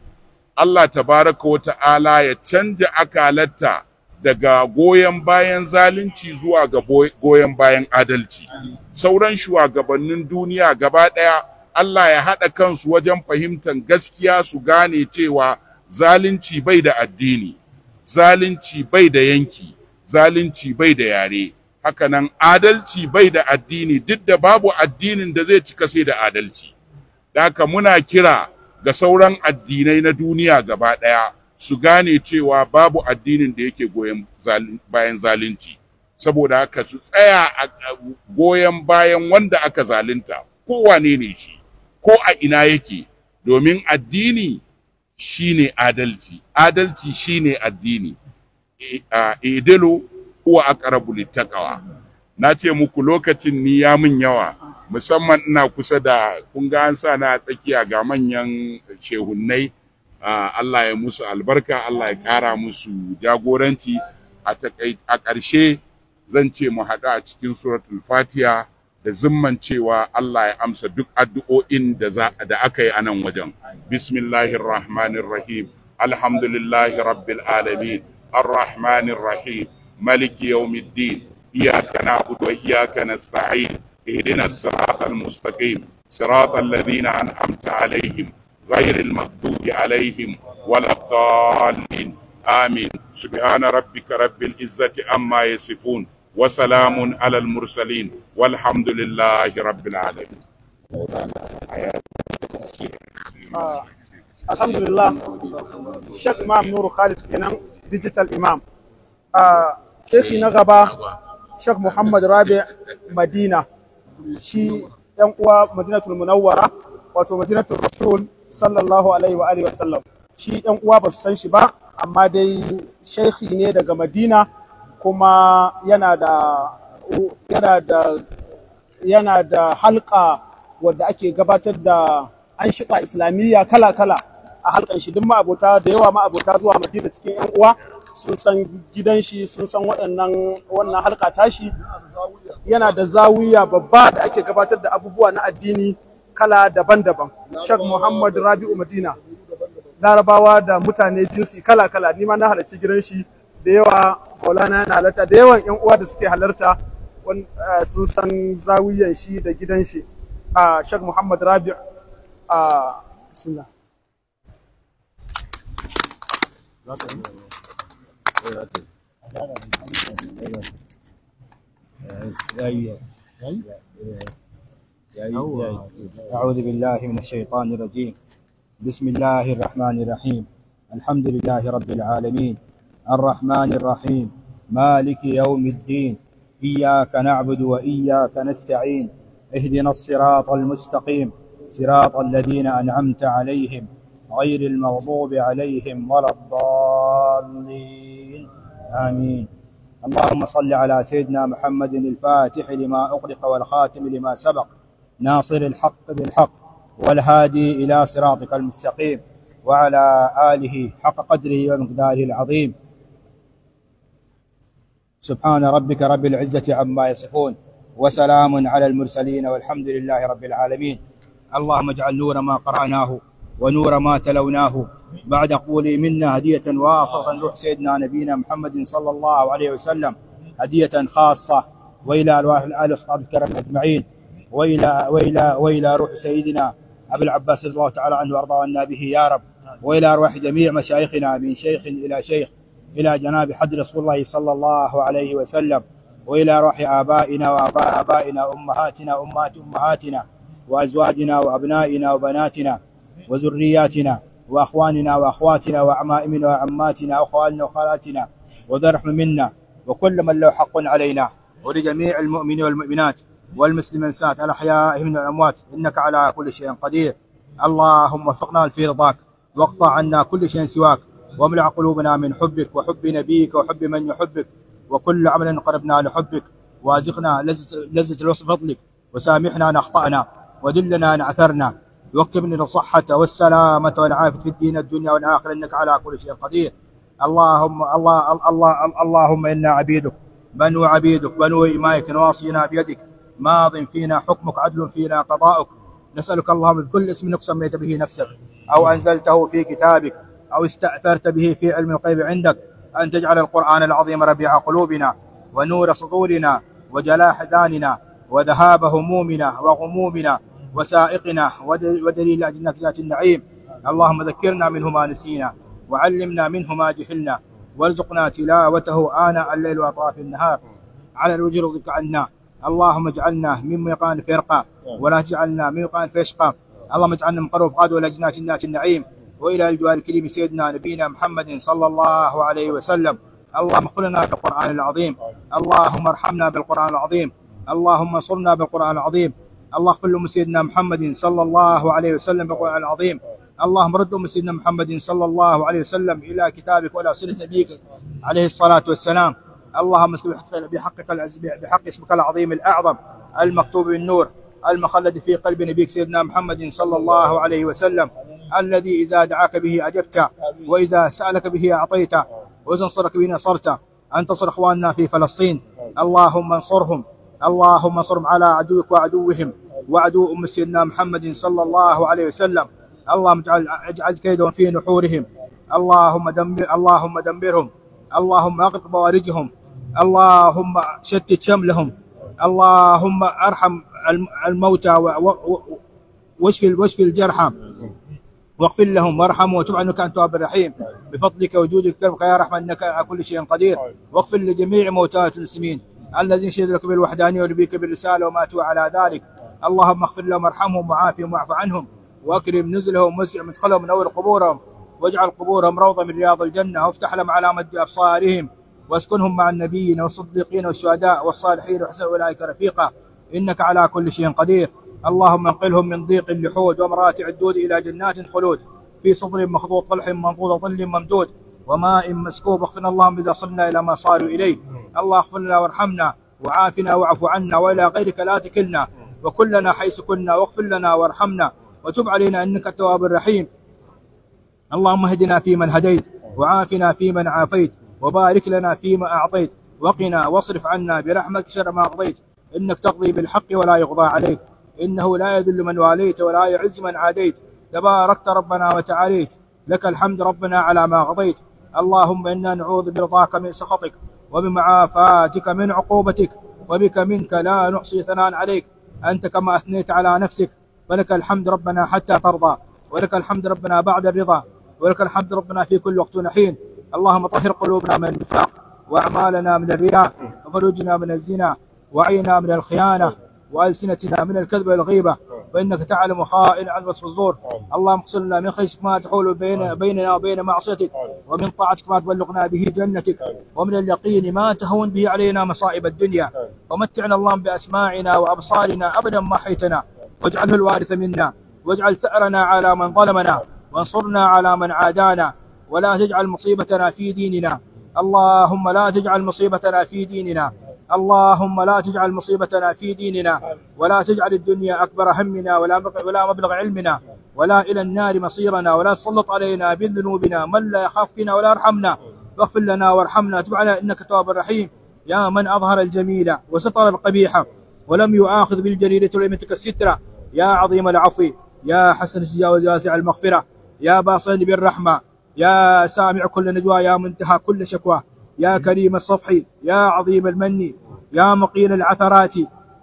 Allah ta baraka wa ta'ala ya canja akalarta daga goyon bayan zalunci zuwa ga goyon bayan adalci. Sauran shugabannin duniya gaba ɗaya, Allah ya haɗa kansu wajen fahimtar gaskiya su gane cewa zalunci bai da addini. zalunci bai da yanki zalunci bai da yare hakanan adalci bai da addini duk da babu addinin da zai cika sai da adalci haka muna kira ga sauran addinai na duniya gaba ɗaya su gane cewa babu addinin da yake goyon bayan zalunci saboda haka su tsaya a goyon bayan wanda aka zalunta wane ne shi ko a ina yake domin addini shine adalci adalci shine addini idilo eh, eh, huwa aqrabu littaqwa na ce muku lokacin ni ya mun yawa musamman ina kusa da kun ga an sa na tsakiya ga manyan shehunnai Allah ya musu albarka Allah ya kara musu jagoranci a ƙarshe zan ce mu haɗa a cikin suratul fatiha da zimman cewa Allah ya amsa duk addu'o'in da aka yi a nan wajen. Bismillahir Rahmanir Rahim, alhamdulillahi Rabbil Alamin, ar Rahim, Maliki yaumiddin iyaka na'budu wa iyaka nasta'in, ihdinas siratal mustaqim, Siratan ladina an'amta alaihim, ghairil maghdubi alaihim waladdallin. amin subhana rabbika رب العزة عما يصفون wa alal mursalin walhamdulillahi rabbil alamin alhamdulillah Sheikh Imam Nuru Khalid kenan digital imam shekhi na gaba Sheikh Muhammad Rabi Madina shi yan uwa Madinatul Munawwara wato Madinatul Rasul sallallahu alaihi wa alihi wa sallam shi yan uwa ba su san shi ba amma dai shekhi ne daga Madina kuma yana da yana da yana da halka wadda ake gabatar da an shiƙa islamiyya kala-kala a halkan shi duk ma'abota da yawa ma'abota zuwa da cikin yan uwa sun san gidan shi sun san waɗannan wannan halka tashi yana da zawiya babba da ake gabatar da abubuwa na addini kala daban-daban Sheikh Muhammad Rabi'u Madina larabawa da mutane jinsi kala-kala nima na halarci gidan shi dewa yawa maulana yana halarta da yawan yan uwa da suke halarta sun san zawiyan shi da gidan shi a Sheikh muhammad rabi a bismillah أعوذ بالله من الشيطان الرجيم بسم الله الرحمن الرحيم الحمد لله رب العالمين الرحمن الرحيم مالك يوم الدين إياك نعبد وإياك نستعين اهدنا الصراط المستقيم صراط الذين أنعمت عليهم غير المغضوب عليهم ولا الضالين آمين اللهم صل على سيدنا محمد الفاتح لما أغلق والخاتم لما سبق ناصر الحق بالحق والهادي إلى صراطك المستقيم وعلى آله حق قدره ومقداره العظيم سبحان ربك رب العزة عما يصفون وسلام على المرسلين والحمد لله رب العالمين اللهم اجعل نور ما قرأناه ونور ما تلوناه بعد قولي منا هدية واصلة روح سيدنا نبينا محمد صلى الله عليه وسلم هدية خاصة وإلى أرواح الآل أصحاب الكرم أجمعين وإلى وإلى وإلى روح سيدنا أبي العباس رضي الله تعالى عنه وأرضاه به يا رب وإلى أرواح جميع مشايخنا من شيخ إلى شيخ إلى جناب حد رسول الله صلى الله عليه وسلم وإلى روح آبائنا وآباء آبائنا أمهاتنا أمهات أمهاتنا وأزواجنا وأبنائنا وبناتنا وذرياتنا وأخواننا وأخواتنا وعمائمنا وعماتنا وأخواننا وخالاتنا وذا منا وكل من له حق علينا ولجميع المؤمنين والمؤمنات والمسلمين سات الأحياء من الأموات إنك على كل شيء قدير اللهم وفقنا في رضاك واقطع عنا كل شيء سواك واملأ قلوبنا من حبك وحب نبيك وحب من يحبك وكل عمل قربنا لحبك وازقنا لذة الوصف فضلك وسامحنا ان اخطانا ودلنا ان عثرنا وكبني الصحة والسلامة والعافية في الدين الدنيا والآخرة إنك على كل شيء قدير اللهم الله الله, اللهم إنا عبيدك بنو عبيدك بنو إمائك نواصينا بيدك ماض فينا حكمك عدل فينا قضاؤك نسألك اللهم بكل اسم سميت به نفسك أو أنزلته في كتابك أو استأثرت به في علم الغيب عندك أن تجعل القرآن العظيم ربيع قلوبنا ونور صدورنا وجلاء حزاننا وذهاب همومنا وغمومنا وسائقنا ودليل أجنك ذات النعيم اللهم ذكرنا منه ما نسينا وعلمنا منه ما جهلنا وارزقنا تلاوته آناء الليل وأطراف النهار على الوجه رضيك عنا اللهم اجعلنا من ميقان فرقة ولا تجعلنا من ميقان فشقة اللهم اجعلنا من قروف غاد ولا جنات النعيم وإلى الجوار الكريم سيدنا نبينا محمد صلى الله عليه وسلم اللهم اغفر لنا بالقرآن العظيم اللهم ارحمنا بالقرآن العظيم اللهم انصرنا بالقرآن العظيم الله اغفر لهم سيدنا محمد صلى الله عليه وسلم بالقرآن العظيم اللهم رد أم سيدنا محمد صلى الله عليه وسلم إلى كتابك وإلى سنة نبيك عليه الصلاة والسلام اللهم بحقك بحق اسمك العظيم الأعظم المكتوب بالنور المخلد في قلب نبيك سيدنا محمد صلى الله عليه وسلم الذي إذا دعاك به أجبت وإذا سألك به أعطيت وإذا انصرك به نصرت أنتصر إخواننا في فلسطين اللهم انصرهم اللهم انصرهم على عدوك وعدوهم وعدو أم سيدنا محمد صلى الله عليه وسلم اللهم اجعل اجعل كيدهم في نحورهم اللهم دمر اللهم دمرهم اللهم اغرق بوارجهم اللهم شتت شملهم اللهم ارحم الموتى واشفي واشفي الجرحى واغفر لهم وارحمهم وتب عنهم انك انت التواب الرحيم بفضلك وجودك وكرمك يا رحمن انك على كل شيء قدير واغفر لجميع موتى المسلمين الذين شهدوا لك بالوحدانيه ولبيك بالرساله وماتوا على ذلك اللهم اغفر لهم وارحمهم وعافهم واعف عنهم واكرم نزلهم ووسع مدخلهم ونور قبورهم واجعل قبورهم روضه من رياض الجنه وافتح لهم على مد ابصارهم واسكنهم مع النبيين والصديقين والشهداء والصالحين وحسن اولئك رفيقا انك على كل شيء قدير اللهم انقلهم من ضيق لحود وامرات عدود إلى جنات خلود في صدر مخضوط طلح منضود ظل ممدود وماء مسكوب اغفرنا اللهم إذا صلنا إلى ما صاروا إليه الله اغفر لنا وارحمنا وعافنا واعف عنا وإلى غيرك لا تكلنا وكلنا حيث كنا واغفر لنا وارحمنا وتب علينا إنك التواب الرحيم اللهم اهدنا فيمن هديت وعافنا فيمن عافيت وبارك لنا فيما أعطيت وقنا واصرف عنا برحمتك شر ما قضيت إنك تقضي بالحق ولا يقضى عليك إنه لا يذل من واليت ولا يعز من عاديت تباركت ربنا وتعاليت لك الحمد ربنا على ما قضيت اللهم إنا نعوذ برضاك من سخطك وبمعافاتك من عقوبتك وبك منك لا نحصي ثناء عليك أنت كما أثنيت على نفسك ولك الحمد ربنا حتى ترضى ولك الحمد ربنا بعد الرضا ولك الحمد ربنا في كل وقت ونحين اللهم طهر قلوبنا من النفاق وأعمالنا من الرياء وفروجنا من الزنا وعينا من الخيانة وألسنتنا من الكذب والغيبة فإنك تعلم خائن عن الصدور اللهم اغسل لنا من خشيتك ما تحول بين بيننا وبين معصيتك ومن طاعتك ما تبلغنا به جنتك ومن اليقين ما تهون به علينا مصائب الدنيا ومتعنا اللهم بأسماعنا وأبصارنا أبدا ما حيتنا واجعله الوارث منا واجعل ثأرنا على من ظلمنا وانصرنا على من عادانا ولا تجعل مصيبتنا في ديننا اللهم لا تجعل مصيبتنا في ديننا اللهم لا تجعل مصيبتنا في ديننا ولا تجعل الدنيا أكبر همنا ولا ولا مبلغ علمنا ولا إلى النار مصيرنا ولا تسلط علينا بذنوبنا من لا يخاف فينا ولا يرحمنا واغفر لنا وارحمنا تب علينا إنك تواب رحيم يا من أظهر الجميل وستر القبيحة ولم يؤاخذ بالجريرة ولمتك السترة يا عظيم العفو يا حسن التجاوز واسع المغفرة يا باصل بالرحمة يا سامع كل نجوى يا منتهى كل شكوى يا كريم الصفح يا عظيم المن يا مقيل العثرات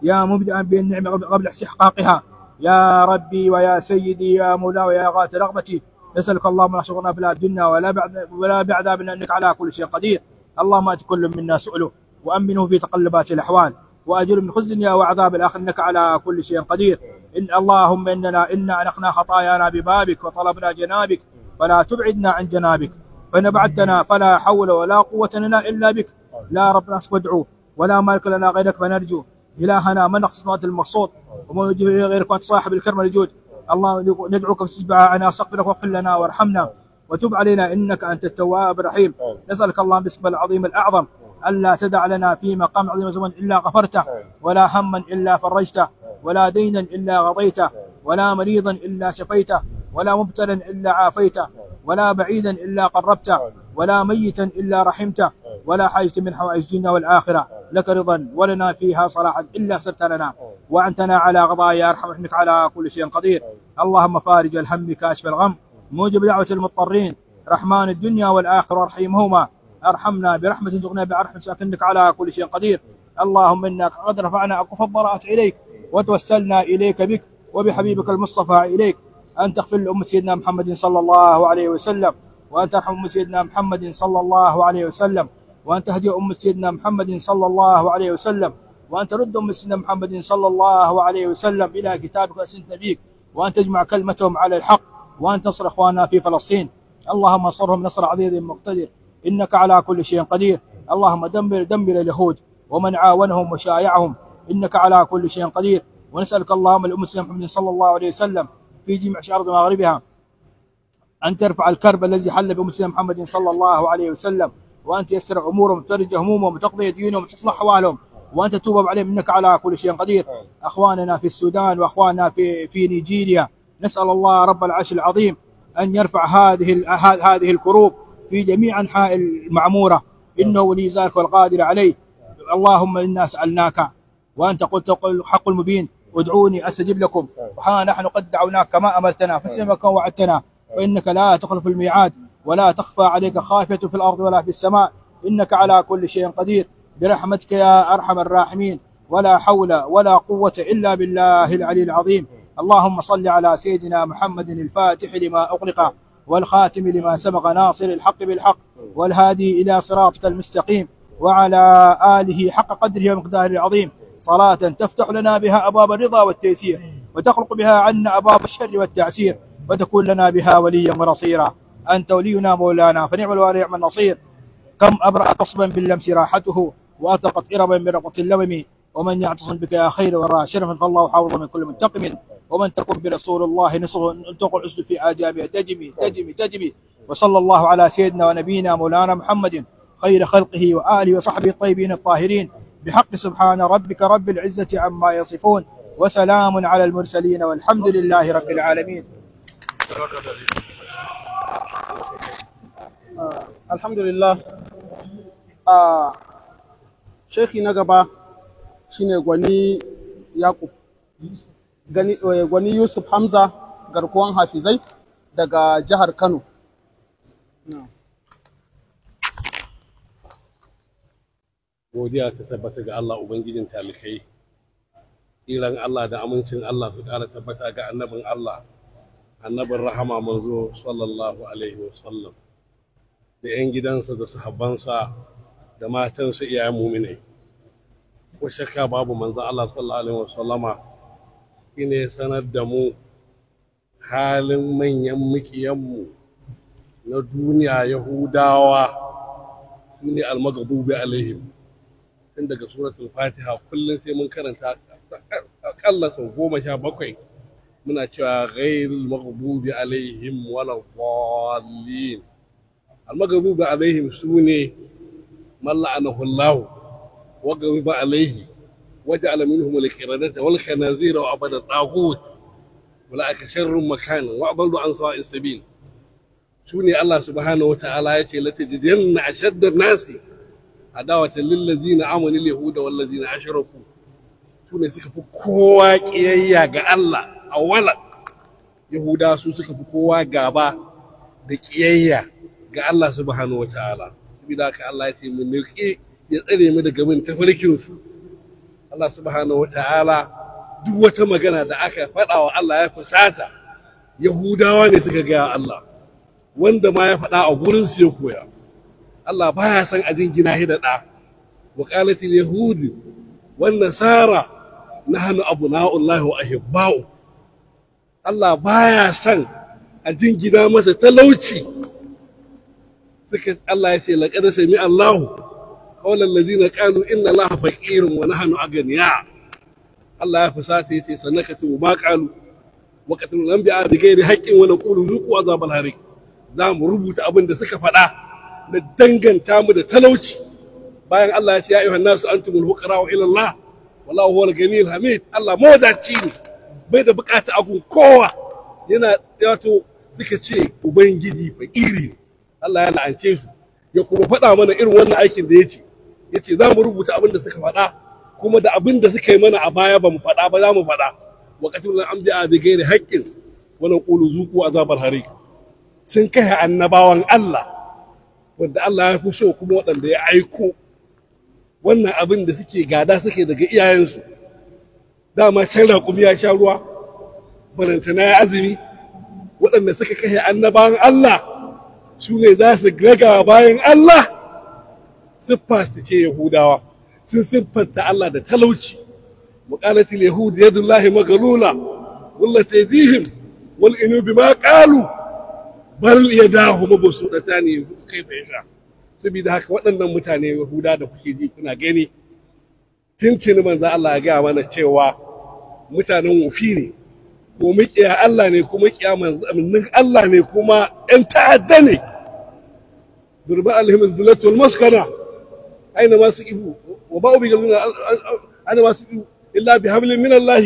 يا مبدئا بالنعم قبل استحقاقها يا ربي ويا سيدي يا مولاي ويا غاية رغبتي نسألك اللهم لا شغلنا بلا الدنيا ولا بعد ولا بعذابنا إنك على كل شيء قدير اللهم آت كل منا سؤله وأمنه في تقلبات الأحوال وأجر من يا وعذاب الآخر إنك على كل شيء قدير إن اللهم إننا إنا أنقنا خطايانا ببابك وطلبنا جنابك فلا تبعدنا عن جنابك فإن بعدتنا فلا حول ولا قوة لنا إلا بك لا رب ناس وادعو ولا مالك لنا غيرك فنرجو إلهنا من نقص صفات المقصود ومن يجيب إلى غيرك وأنت صاحب الكرم الجود الله ندعوك فاستجب أنا استغفر لك واغفر لنا وارحمنا وتب علينا إنك أنت التواب الرحيم نسألك الله باسم العظيم الأعظم ألا تدع لنا في مقام عظيم زمن إلا غفرته ولا هما إلا فرجته ولا دينا إلا غضيته ولا مريضا إلا شفيته ولا مبتلا إلا عافيته ولا بعيدا إلا قربته ولا ميتا إلا رحمته ولا حاجة من حوائج الدنيا والآخرة لك رضا ولنا فيها صلاحا إلا سرت لنا وأنتنا على قضايا أرحم رحمك على كل شيء قدير اللهم فارج الهم كاشف الغم موجب دعوة المضطرين رحمن الدنيا والآخرة رحيمهما أرحمنا برحمة تغنى برحمتك أكنك على كل شيء قدير اللهم إنك قد رفعنا أكف الضراءات إليك وتوسلنا إليك بك وبحبيبك المصطفى إليك أن تغفر لأمة سيدنا محمد صلى الله عليه وسلم وأن ترحم أمة سيدنا محمد صلى الله عليه وسلم وأن تهدي أمة سيدنا محمد صلى الله عليه وسلم وأن ترد أمة سيدنا محمد صلى الله عليه وسلم إلى كتابك وسنة نبيك وأن تجمع كلمتهم على الحق وأن تنصر إخواننا في فلسطين اللهم انصرهم نصر عزيز مقتدر إنك على كل شيء قدير اللهم دمر دمر اليهود ومن عاونهم وشايعهم إنك على كل شيء قدير ونسألك اللهم الأمة محمد صلى الله عليه وسلم في جمع شعر مغربها أن ترفع الكرب الذي حل بمسلم محمد صلى الله عليه وسلم وأن تيسر أمورهم وتفرج همومهم وتقضي ديونهم وتصلح أحوالهم وأن تتوب عليهم إنك على كل شيء قدير آه. أخواننا في السودان وأخواننا في في نيجيريا نسأل الله رب العرش العظيم أن يرفع هذه هذه الكروب في جميع أنحاء المعمورة آه. إنه ولي ذلك والقادر عليه اللهم إنا سألناك وأنت قلت حق المبين وادعوني استجب لكم وها نحن قد دعوناك كما امرتنا فاسمع كما وعدتنا وانك لا تخلف الميعاد ولا تخفى عليك خافيه في الارض ولا في السماء انك على كل شيء قدير برحمتك يا ارحم الراحمين ولا حول ولا قوه الا بالله العلي العظيم اللهم صل على سيدنا محمد الفاتح لما اغلق والخاتم لما سبق ناصر الحق بالحق والهادي الى صراطك المستقيم وعلى اله حق قدره ومقداره العظيم صلاة تفتح لنا بها أبواب الرضا والتيسير وتخلق بها عنا أبواب الشر والتعسير وتكون لنا بها وليا ونصيرا أنت ولينا مولانا فنعم الوالي نعم النصير كم أبرأ قصبا باللمس راحته وأطلقت إربا من رقة اللوم ومن يعتصم بك يا خير وراء شرف فالله حافظ من كل منتقم ومن تقم برسول الله نصره انطق عزل في اجابه تجمي تجمي تجمي وصلى الله على سيدنا ونبينا مولانا محمد خير خلقه وآله وصحبه الطيبين الطاهرين بحق سبحان ربك رب العزة عما يصفون وسلام على المرسلين والحمد لله رب العالمين آه، الحمد لله آه، شيخي نغبا شيني غني يعقوب غني آه، غني يوسف حمزة غركوان حافظي دغا جهر كانو نعم godiya ta tabbata ga Allah ubangijin talikai tsiran Allah da amincin Allah su ƙara tabbata ga annabin Allah annabin rahama manzo sallallahu alaihi wasallam da 'yan gidansa da sahabbansa da matansa iyayen muminai ko shakka babu manzo Allah sallallahu alaihi wasallama ne sanar da mu halin manyan mukiyanmu na duniya yahudawa su ne almagadubi alaihim tun daga suratul fatiha kullum sai mun karanta akalla sau goma sha bakwai muna cewa ghairul maghdubi alaihim wala dallin al maghdubi alaihim sune man la'anahu Allah wa ghadiba alaihi waja'ala minhum al qiradata wal khanazira wa abada taghut ulaika sharrun makan wa abadu an sawa'i sabil sune Allah subhanahu wa ta'ala yace latajidanna ashadda nasi adawata lillazina amanu yahuda wallazina ashraku su ne suka fi kowa kiyayya ga Allah a wala yahuda su suka fi kowa gaba da kiyayya ga Allah subhanahu wataala saboda haka Allah ya ce mun nirki ya tsare mu daga min tafarkin su Allah subhanahu wataala duk wata magana da aka faɗa wa Allah ya fusata yahudawa ne suka gaya Allah wanda ma ya faɗa a gurin ya koya Allah baya san ajin gina shi da ɗa wa qalatil yahud wan nasara nahnu abna'ullahi wa ahibba'u Allah baya san ajin gina masa talauci suka Allah ya ce laqad sami Allahu qawlan ladina qalu inna Allaha faqirun wa nahnu aghniya Allah ya fusata yace sanakatu ma qalu waqatul anbiya bi ghairi haqqin wa naqulu zuqu azabal harik za mu rubuta abin da suka faɗa na danganta mu da talauci bayan Allah ya ce ya ayyuhan nasu antumul fuqara wa ila Allah wallahu huwal ganiyul hamid Allah mawadaci ne bai da bukata a gun kowa yana wato suka ce ubangiji fakiri Allah ya la'ance su ya kuma faɗa mana irin wannan aikin da ya ce ya ce za mu rubuta abin da suka faɗa kuma da abin da suka yi mana a baya ba mu faɗa ba za mu faɗa wa katil an bi'a bi ghairi haqqin wa ƙulu, Zuku, Azabar, Hari, sun kai annabawan Allah wanda Allah ya fi so kuma waɗanda ya aiko wannan abin da suke gada suke daga iyayensu dama can raƙumi ya sha ruwa barantana ya azumi waɗanda suka kashe annabawan Allah su ne za su gaga bayan Allah siffa su ce Yahudawa sun siffanta Allah da talauci وقالت yahud yadullahi الله مغلولة wal يديهم والإنو بما bar ya dahu su da ta ne kai da yasha saboda haka waɗannan mutane yahuda da kuke ji kuna gani tintini manzo Allah ya gaya mana cewa mutanen wufi ne ko miƙiya Allah ne kuma kiyaman Allah ne kuma ƴan ta'adda ne durba alhim izdilatu almaskana aina masu ihu wa ba'u bi galuna ana masu ibu illa bi hablin min Allah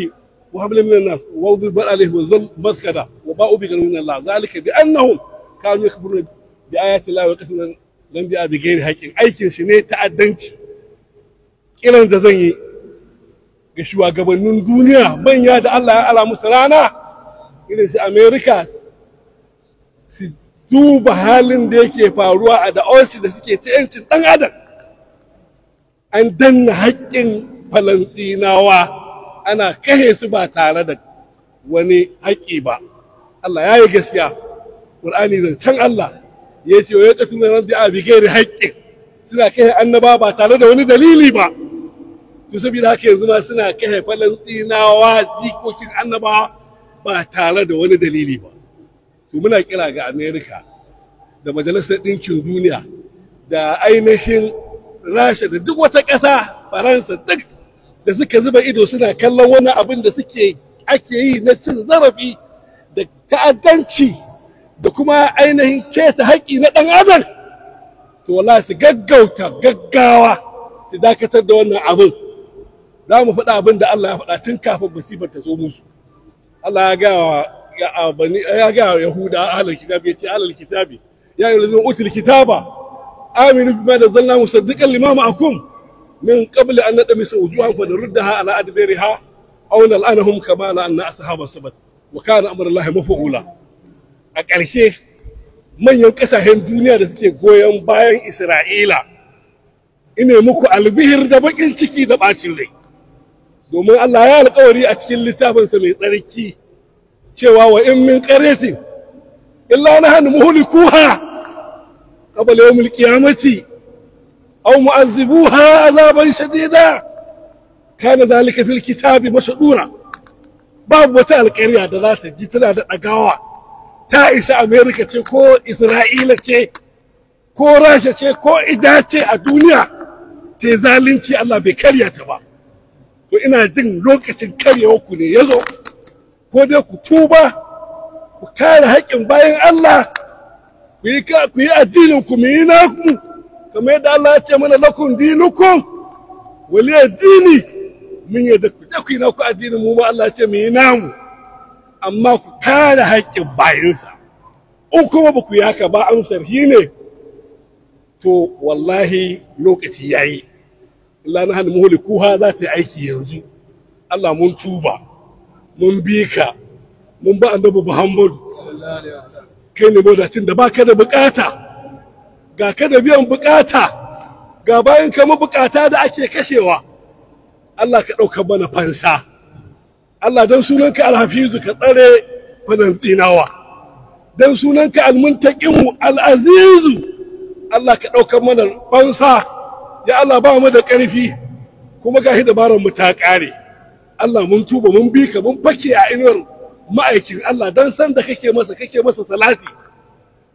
وهب من الناس واغضب بل عليهم الذل مذكرة وباءوا بغنم من الله ذلك بأنهم كانوا يكبرون بآيات الله ويقتلون الأنبياء بغير حق أيكن شي ne ta'addanci kiran da zan yi ga shugabannin duniya manya da Allah ya ala musu rana irin su America su duba halin da yake faruwa a da da suke ta yancin dan adam an danna haƙƙin Falantsinawa ana kahe su ba tare da wani haƙƙi ba Allah ya yi gaskiya ƙur'ani zancen Allah ya ce wa ya ƙasu na rabbi a haƙƙi suna kahe annaba ba tare da wani dalili ba to saboda haka yanzu ma suna kahe falastinawa jikokin annaba ba tare da wani dalili ba to muna kira ga Amerika da majalisar ɗinkin duniya da ainihin rasha da duk wata ƙasa faransa duk da suka zuba ido suna kallon wani abin da suke ake yi na cin zarafi da ta'addanci da kuma ainihin kesa haƙƙi na ɗan adam to wala su gaggauta gaggawa su dakatar da wannan abin za mu faɗa abin da Allah ya faɗa tun kafin musibar ta zo musu Allah ya ga ya abani ya ga yahuda ahlul kitabi ce ahlul kitabi ya ayyuhallazina utul kitaba aminu bima nazzalna musaddiqan limama akum min qabli an nadami wujuhahum fa nurdaha ala adbariha aw nal'anahum kama la'anna ashab as-sabt wa kana amru Allah maf'ula a ƙarshe manyan ƙasashen duniya da suke goyon bayan Isra'ila ine muku albihir da bakin ciki da bacin rai domin Allah ya alƙawari a cikin littafinsa mai tsarki cewa wa in min qaryatin illa nahnu muhlikuha qabla yawm al-qiyamati أو معذبوها عذابا شديدا كان ذلك Babu wata مسطورا da وتا القرية ذات جتنا دقاوة تائسة أمريكا كو إسرائيل ko rasha ce ko ida ce a duniya ta zalunci Allah bai karya ta ba Ko ina jin lokacin karyewa ku ne ya zo ko dai ku tuba ku kare haƙƙin bayan Allah ku yi addinin ku mu yi naku kamar yadda Allah ya ce mana lakum dinukum wali addini mun yadda ku ku na ku addinin mu ba Allah ya ce mun yi namu amma ku kare haƙƙin bayinsa in kuma ba ku yi haka ba an sarhi ne to wallahi lokaci yayi. yi Allah na hannu ha za ta yi aiki yanzu Allah mun tuba mun bi mun ba annabi Muhammadu kai ne mawdacin da baka da bukata ga ka da biyan bukata ga bayan ka bukata da ake kashewa Allah ka ɗaukar mana fansa Allah don sunanka alhafizu ka tsare falantinawa don sunanka almuntaƙinmu al'azizu Allah ka ɗaukar mana fansa ya Allah ba mu da ƙarfi kuma gashi dabarar mu ta ƙare Allah mun tuba mun bi ka mun fake a inuwar ma'aikin Allah don san da kake masa kake masa salati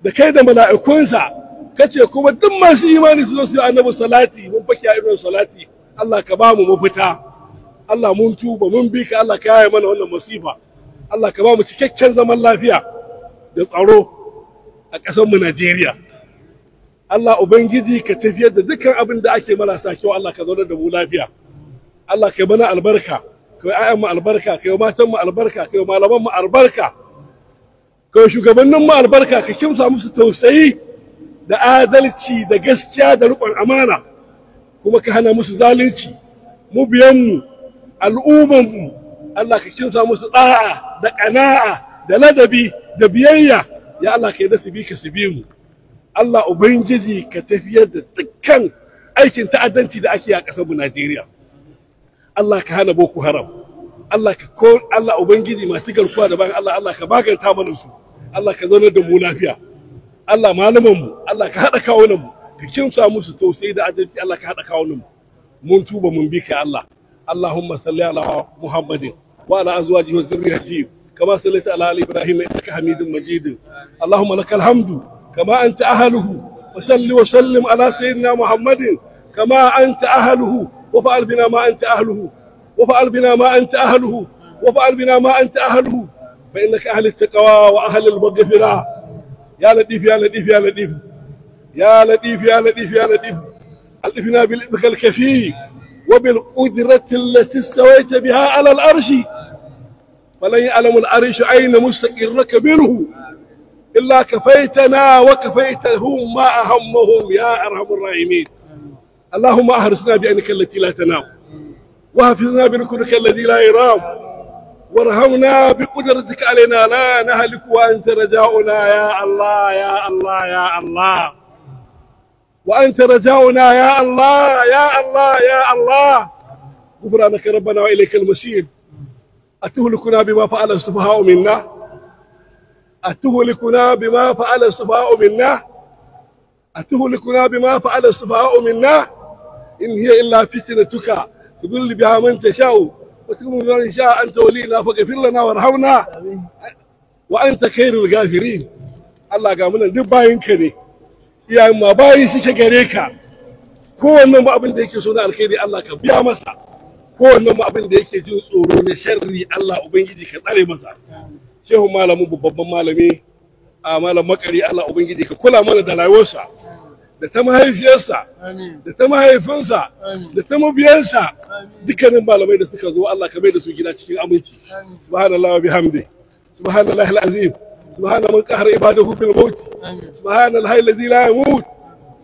da kai da mala'ikunsa kace kuma duk masu imani su zo su annabi salati mun fake irin salati Allah ka ba mu mafita Allah mun tuba mun bi ka Allah ka yaye mana wannan musiba Allah ka ba mu cikakken zaman lafiya da tsaro a ƙasar mu Najeriya Allah ubangiji ka tafiyar da dukkan abin da ake marasa kyau Allah ka zaunar da mu lafiya Allah ka mana albarka ka yi ayyan mu albarka ka yi matan mu albarka ka yi malaman mu albarka ka yi shugabannin mu albarka ka kimsa musu tausayi da adalci da gaskiya da riƙon amana kuma ka hana musu zalunci mu biyanmu al'ummanmu Allah ka kinsa musu da'a da ƙana'a da ladabi da biyayya ya Allah ka yi nasibi ka bi mu Allah ubangiji ka tafiyar da dukkan aikin ta'addanci da ake a ƙasar mu Najeriya Allah ka hana Boko Haram Allah ka ko Allah ubangiji masu garkuwa da bayan Allah Allah ka maganta mana su Allah ka zaunar da mu lafiya Allah malaman mu Allah ka haɗa kawunanmu mu ka kimsa musu tausayi da adalci Allah ka haɗa kawunanmu. mun tuba mun bi ka Allah Allahumma salli ala Muhammadin wa ala azwajihi wa zurriyyatihi كما صليت على ال ابراهيم انك حميد مجيد اللهم لك الحمد كما انت اهله وصل وسلم على سيدنا محمد كما انت اهله وفعل بنا ما انت اهله وفعل بنا ما انت اهله وفعل بنا ما انت اهله فانك اهل التقوى واهل المغفره يا لطيف يا لطيف يا لطيف يا لطيف يا لطيف يا لطيف ألفنا بلطفك الكفي وبالقدرة التي استويت بها على الأرش فلن يعلم الأرش أين مستقرك منه إلا كفيتنا وكفيتهم ما أهمهم يا أرحم الراحمين اللهم أهرسنا بأنك التي لا تنام وحفظنا بركنك الذي لا يرام وارهمنا بقدرتك علينا لا نهلك وأنت رجاؤنا يا الله يا الله يا الله وأنت رجاؤنا يا الله يا الله يا الله غفرانك ربنا وإليك المسير أتهلكنا بما فعل السفهاء منا أتهلكنا بما فعل السفهاء منا أتهلكنا بما فعل السفهاء منا إن هي إلا فتنتك تضل بها من تشاء وتقوم بما شاء أنت ولينا فاغفر لنا وارحمنا وأنت خير الغافرين Allah ga munan duk bayinka ne iyayen ma bayi suke gare ka kowannen ba abin da yake so na alkhairi Allah ka biya masa kowannen ba abin da yake jin tsoro na sharri Allah ubangiji ka tsare masa shehu malamin babban malami a malam makari Allah ka kula mana da rayuwarsa da ta mahaifiyarsa da ta mahaifinsa da ta mabiyansa dukkanin malamai da suka zo Allah ka mai da su gida cikin aminci subhanallahi wa bihamdi subhanallahi alazim subhana man qahara ibadahu bil maut subhanallahi allazi la yamut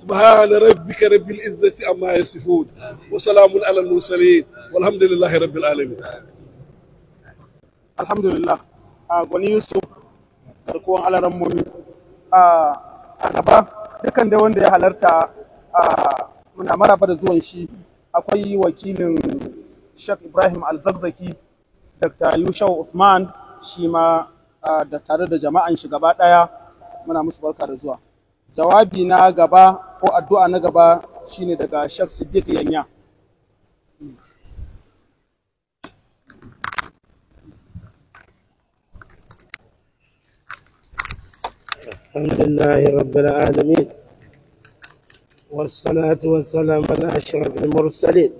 سبحان ربك رب العزة عما يصفون وسلام على المرسلين والحمد لله رب العالمين alhamdulillah لله غني ah, يوسف garkuwan alaran mummi a ah, gaba dukkan dai wanda ya halarta a muna maraba da zuwan shi akwai wakilin Sheikh Ibrahim alzazzaki Dr. Yushau Usman, shi ma da tare da jama'an shi gaba ɗaya muna musu barka da zuwa. Jawabi na gaba ko addu'a na gaba shine daga Sheikh Siddiq Yanya. الحمد لله رب العالمين والصلاة والسلام على أشرف المرسلين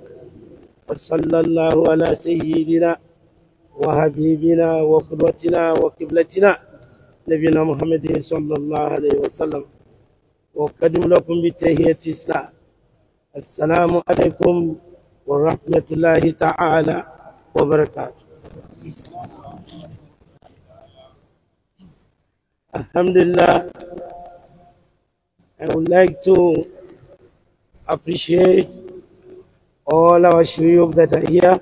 وصلى الله على سيدنا وحبيبنا وقدوتنا وقبلتنا نبينا محمد صلى الله عليه وسلم وقدم لكم بتهية الإسلام السلام عليكم ورحمة الله تعالى وبركاته Alhamdulillah, I would like to appreciate all our shuyuk that are here.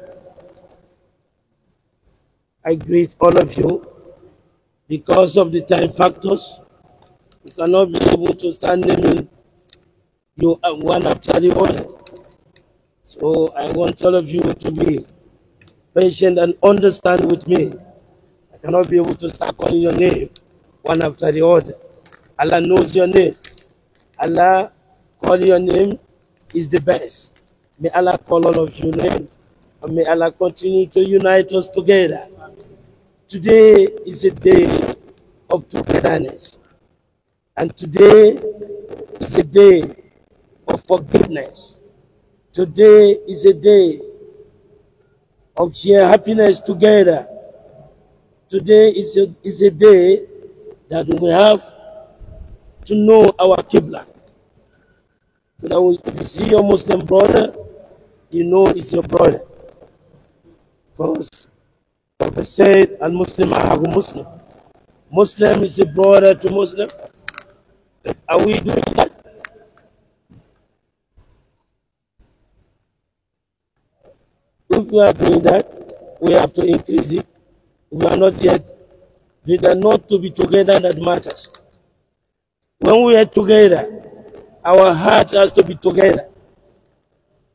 I greet all of you. Because of the time factors, we cannot be able to stand them you one after the other. So I want all of you to be patient and understand with me. I cannot be able to start calling your name after the other. Allah knows your name. Allah call your name is the best. May Allah call all of you names. And may Allah continue to unite us together. Today is a day of togetherness. And today is a day of forgiveness. Today is a day of sharing happiness together. Today is a, is a day that we have to know our Qibla. So that we, if you see your Muslim brother, you know it's your brother. Because Prophet said, Al Muslim Ahabu Muslim. Muslim is a brother to Muslim. Are we doing that? If we are doing that, we have to increase it. We are not yet with the not to be together that matters. When we are together, our heart has to be together.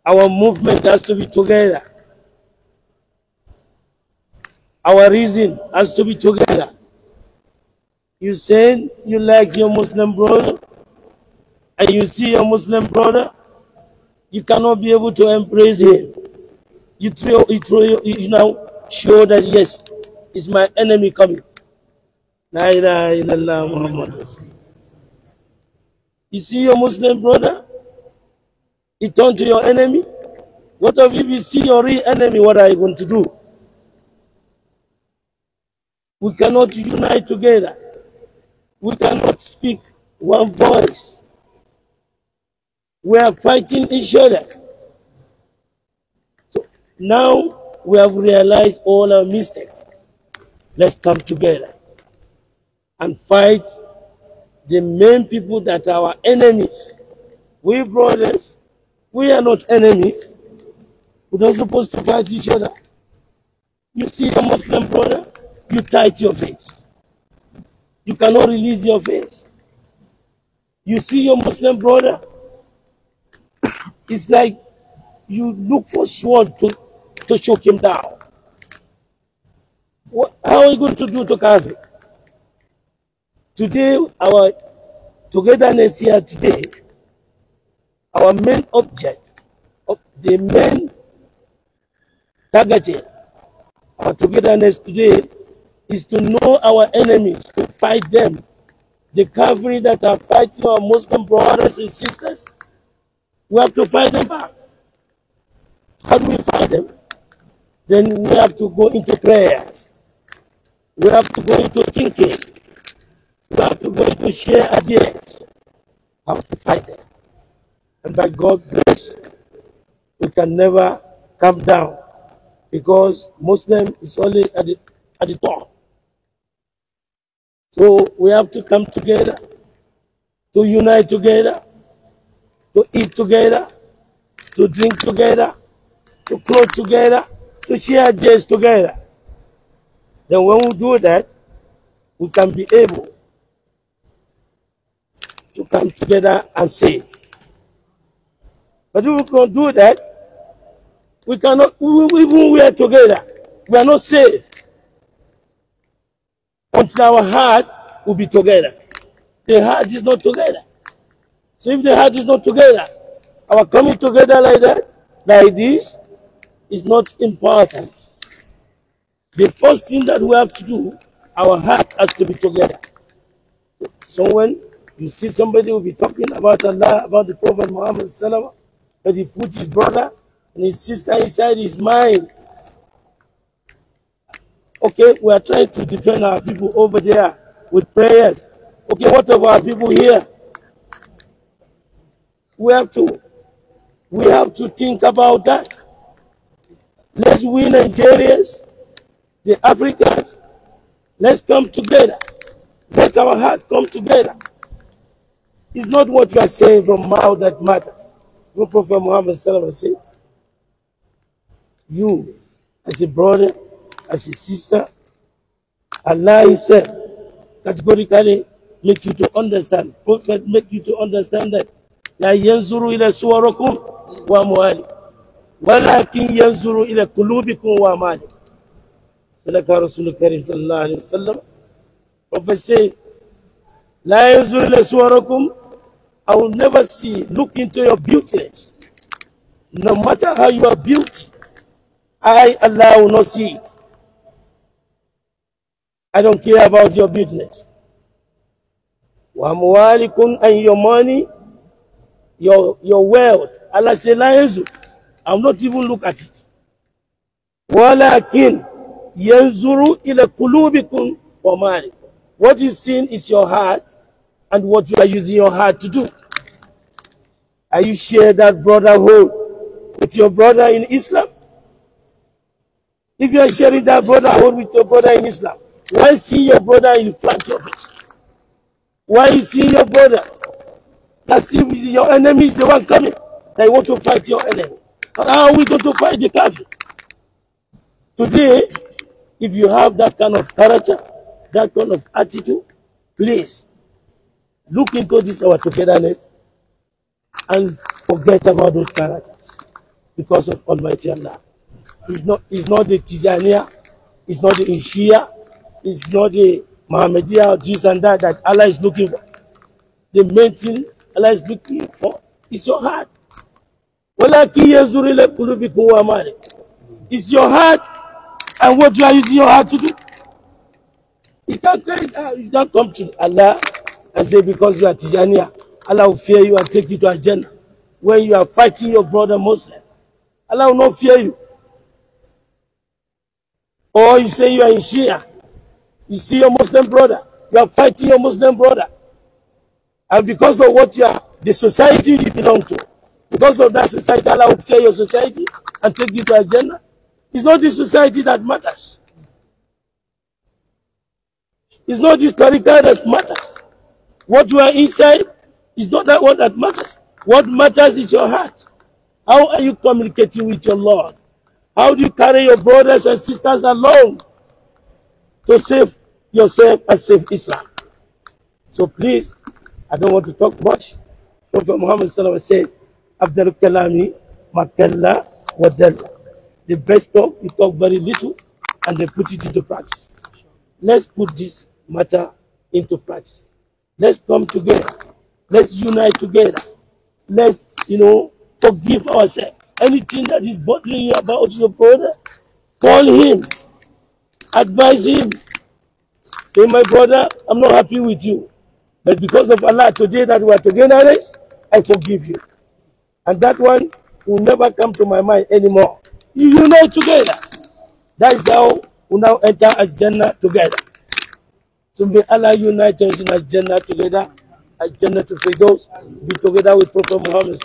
Our movement has to be together. Our reason has to be together. You say you like your Muslim brother, and you see your Muslim brother, you cannot be able to embrace him. You, throw, you, throw, you now show that, yes, it's my enemy coming. Neither You see your Muslim brother? He turned to your enemy? What of if you see your real enemy? What are you going to do? We cannot unite together. We cannot speak one voice. We are fighting each other. So now we have realized all our mistakes. Let's come together and fight the main people that are our enemies. We brothers, we are not enemies. We're not supposed to fight each other. You see a Muslim brother, you tight your face. You cannot release your face. You see your Muslim brother, it's like you look for sword to, to choke him down. What, how are you going to do to Kafir? Today, our togetherness here today, our main object, of the main targeting our togetherness today is to know our enemies, to fight them. The cavalry that are fighting our Muslim brothers and sisters, we have to fight them back. How do we fight them? Then we have to go into prayers. We have to go into thinking. We are going to share ideas how to fight it. And by God's grace, we can never come down because Muslim is only at the, at the top. So we have to come together, to unite together, to eat together, to drink together, to clothe together, to share ideas together. Then when we do that, we can be able to come together and say. But if we can do that, we cannot, even we are together, we are not safe until our heart will be together. The heart is not together. So if the heart is not together, our coming together like that, like this, is not important. The first thing that we have to do, our heart has to be together. Someone you see somebody will be talking about Allah, about the Prophet Muhammad Sallallahu but he put his brother and his sister inside his mind. Okay, we are trying to defend our people over there with prayers. Okay, what of our people here? We have to, we have to think about that. Let's win Nigerians, the Africans. Let's come together. Let our hearts come together. It's not what you are saying from mouth that matters. No Prophet Muhammad said, You, as a brother, as a sister, Allah himself categorically make you to understand. Prophet make you to understand that لا ينظر إلى سواركم وأموالكم ولكن ينظر إلى قلوبكم وأعمالكم. صدق رسول الكريم صلى الله عليه وسلم. Prophet said, لا ينظر إلى صوركم I will never see, look into your beautiness. No matter how you are beauty, I, Allah, will not see it. I don't care about your beautiness. وَأَمْوَالِكُمْ and your money, your, your wealth. Allah say, I will not even look at it. وَلَكِنْ يَنْزُرُ إِلَى قُلُوبِكُمْ وَمَالِكُمْ What is seen is your heart and what you are using your heart to do. Are you share that brotherhood with your brother in Islam? If you are sharing that brotherhood with your brother in Islam, why see your brother in front of it? Why you see your brother? That's see your enemy is the one coming. They want to fight your enemy. How are we going to fight the kafir? Today, if you have that kind of character, that kind of attitude, please Look into this our togetherness and forget about those characters because of Almighty Allah. It's not, it's not the Tijaniya, it's not the Shia, it's not the Muhammadiyah or this and that that Allah is looking for. The main thing Allah is looking for is your heart. le Is your heart and what you are using your heart to do. You can't, uh, you can't come to Allah I say because you are Tijaniya, Allah will fear you and take you to a When you are fighting your brother Muslim, Allah will not fear you. Or you say you are in Shia, you see your Muslim brother, you are fighting your Muslim brother. And because of what you are, the society you belong to, because of that society, Allah will fear your society and take you to a It's not the society that matters. It's not this character that matters. What you are inside is not that one that matters. What matters is your heart. How are you communicating with your Lord? How do you carry your brothers and sisters along to save yourself and save Islam? So please, I don't want to talk much. Prophet Muhammad said, Abdul Kalami, Makalla, Wadalla. The best talk, you talk very little and they put it into practice. Let's put this matter into practice. Let's come together. Let's unite together. Let's, you know, forgive ourselves. Anything that is bothering you about your brother, call him. Advise him. Say, my brother, I'm not happy with you. But because of Allah, today that we are together, I forgive you. And that one will never come to my mind anymore. You unite together. That is how we now enter a Jannah together. So may Allah unite us in a jannah together, a jannah to Fidos, be together with Prophet Muhammad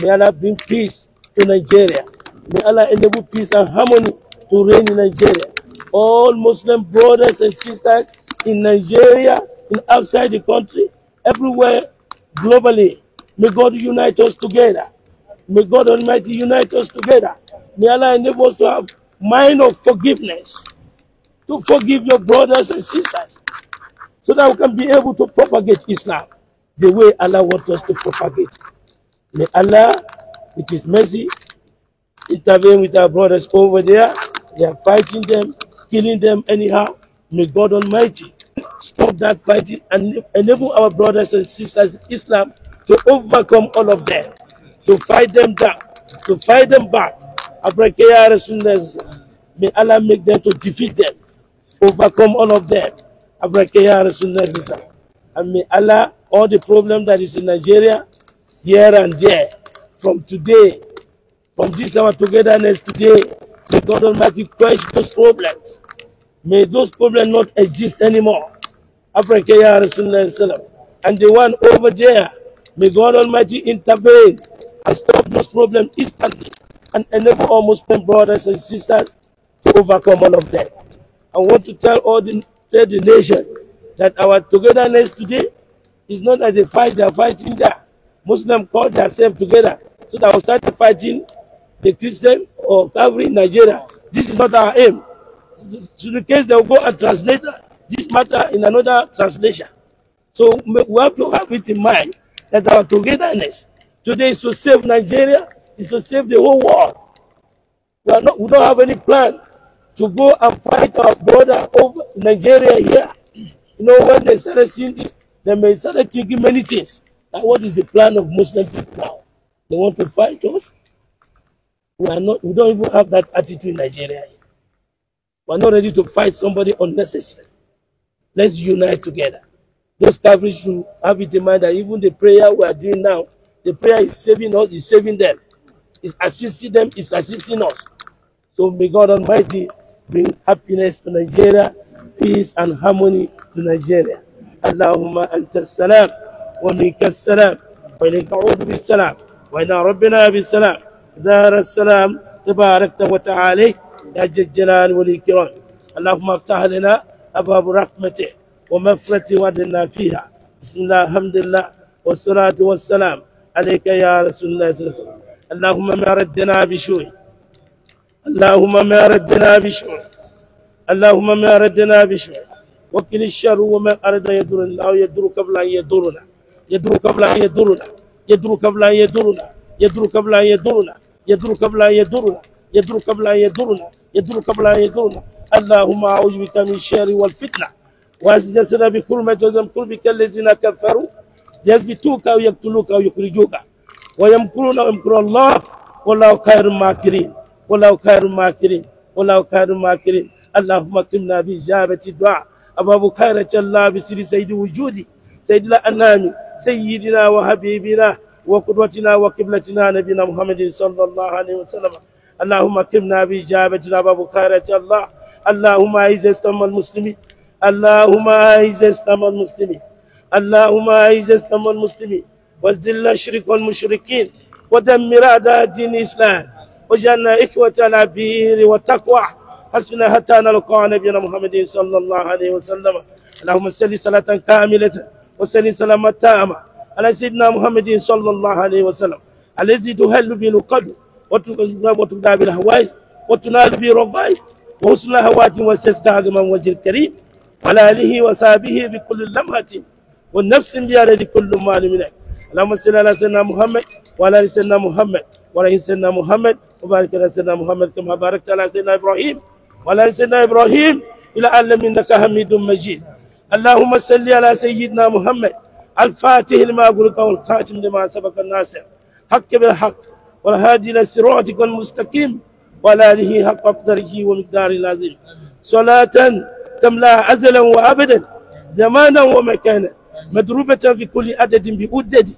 May Allah bring peace to Nigeria. May Allah enable peace and harmony to reign in Nigeria. All Muslim brothers and sisters in Nigeria, in outside the country, everywhere globally, may God unite us together. May God Almighty unite us together. May Allah enable us to have mind of forgiveness, to forgive your brothers and sisters so that we can be able to propagate Islam the way Allah wants us to propagate. May Allah, with His mercy, intervene with our brothers over there. They are fighting them, killing them anyhow. May God Almighty stop that fighting and enable our brothers and sisters in Islam to overcome all of them, to fight them down, to fight them back. May Allah make them to defeat them, overcome all of them. Abrakaya Rasulullah And may Allah, all the problem that is in Nigeria, here and there, from today, from this hour togetherness today, may God Almighty quench those problems. May those problems not exist anymore. Abrakaya Rasulullah And the one over there, may God Almighty intervene and stop those problems instantly and enable our Muslim brothers and sisters to overcome all of them. I want to tell all the tell the nation that our togetherness today is not that the fight they are fighting that Muslims call themselves together so that we start fighting the Christian or Calvary in Nigeria. This is not our aim. To the case they will go and translate this matter in another translation. So we have to have it in mind that our togetherness today is to save Nigeria, is to save the whole world. We, are not, we don't have any plan to go and fight our border over Nigeria here. You know, when they started seeing this, they may started thinking many things. what is the plan of Muslim people now? They want to fight us? We are not, we don't even have that attitude in Nigeria. We are not ready to fight somebody unnecessarily. Let's unite together. Those Catholics should have it in mind that even the prayer we are doing now, the prayer is saving us, is saving them. It's assisting them, it's assisting us. So may God Almighty bring happiness to Nigeria, peace and harmony to Nigeria. اللهم أنت السلام ومنك السلام وإليك أعوذ بالسلام وإلى ربنا بالسلام دار السلام تبارك وتعالى يا جلال الجلال والإكرام اللهم افتح لنا أبواب رحمته ومغفرته وادنا فيها بسم الله الحمد لله والصلاة والسلام عليك يا رسول الله صلى الله عليه وسلم اللهم ما ردنا بشوي اللهم ما ردنا بشر اللهم ما ردنا بشر وكل الشر وما أرد يدور الله يدور قبل أن يدورنا يدور قبل أن يدورنا يدور قبل أن يدورنا يدور قبل أن يدورنا يدور قبل أن يدورنا يدور قبل أن يدورنا يدور قبل أن يدورنا اللهم أعوذ بك من الشر والفتنة وأسجسنا جزم كل بك الذين كفروا يثبتوك أو يقتلوك أو يخرجوك ويمكرون ويمكر الله والله خير الماكرين ولو كانوا ماكرين ولو كانوا ماكرين اللهم اكرمنا بإجابة الدعاء أبا بكر جل بسر سيد وجودي سيد الأنام سيدنا وحبيبنا وقدوتنا وقبلتنا نبينا محمد صلى الله عليه وسلم اللهم اكرمنا بإجابة أبا بكر جل اللهم أعز إسلام المسلمين اللهم أعز إسلام المسلمين اللهم أعز إسلام المسلمين وذل الشرك والمشركين ودمر أعداء دين الإسلام وجعلنا إخوة العبير والتقوى حسبنا حتى نلقى نبينا محمد صلى الله عليه وسلم اللهم صل صلاة كاملة وسلم سلامة تامة على سيدنا محمد صلى الله عليه وسلم الذي تهل به القلب وتدعى بالهواي وتنال به رباي وحسن هوات وسيسدى من وجه الكريم وعلى آله وصحبه بكل لمحة والنفس بيد كل مال منك اللهم صل على سيدنا محمد وعلى سيدنا محمد وعلى سيدنا محمد وبارك على سيدنا محمد كما باركت على سيدنا إبراهيم وعلى سيدنا إبراهيم إلى أن منك حميد مجيد اللهم صل على سيدنا محمد الفاتح لما قلت والخاتم لما سبق الناصر حق بالحق والهادي إلى صراطك المستقيم وعلى آله حق قدره ومقداره العظيم صلاة تملا أزلا وأبدا زمانا ومكانا مدروبة في كل عدد بودد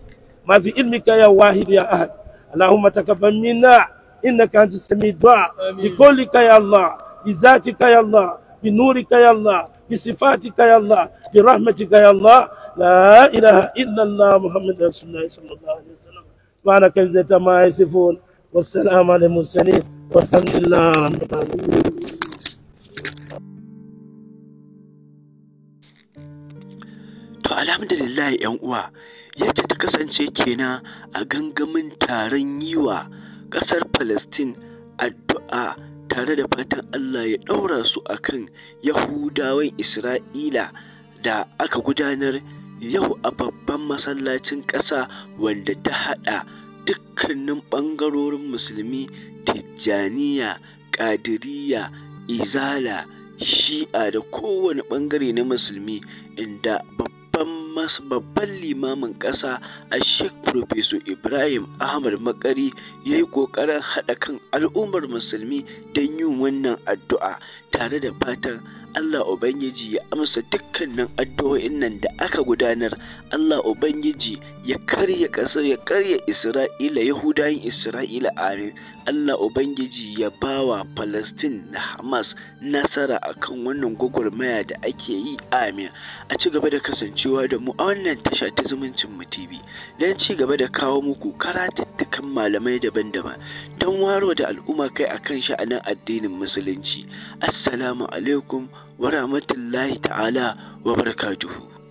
ما في علمك يا واحد يا أحد اللهم تكفى منا إنك أنت السميع الدعاء بقولك يا الله بذاتك يا الله بنورك يا الله بصفاتك يا الله برحمتك يا الله لا إله إلا الله محمد رسول الله صلى الله عليه وسلم معنى كلمة ما يصفون والسلام على المرسلين والحمد لله رب العالمين alhamdulillah ‘yan uwa, yadda ta kasance kenan a gangamin taron yiwa ƙasar Falastin addu'a tare da fatan Allah ya ɗaura su a kan Yahudawan Isra'ila da aka gudanar yau a babban masallacin ƙasa wanda ta haɗa dukkanin ɓangarorin musulmi Tijjaniya, Ƙadiriya, Izala, Shi'a da kowane ɓangare na musulmi inda babban babban limamin ƙasa a sheikh profeso ibrahim ahmad makari ya yi ƙoƙarin haɗa kan al'ummar musulmi don yin wannan addu'a tare da fatan Allah Ubangiji ya amsa dukkanin addu'o'in nan da aka gudanar, Allah Ubangiji ya karya ƙasar ya karya Isra'ila, Yahudayen Isra'ila amin, Allah Ubangiji ya ba wa Palestine da Hamas nasara a kan wannan gwagwarmaya da ake yi amin. A ci gaba da kasancewa da mu a wannan tasha ta zumuncin mu TV don ci gaba da kawo muku karatattakan malamai daban-daban don waro da al'umma kai a kan sha'anin addinin musulunci. Assalamu alaikum wa rahmatullahi ta'ala wa barakatuhu.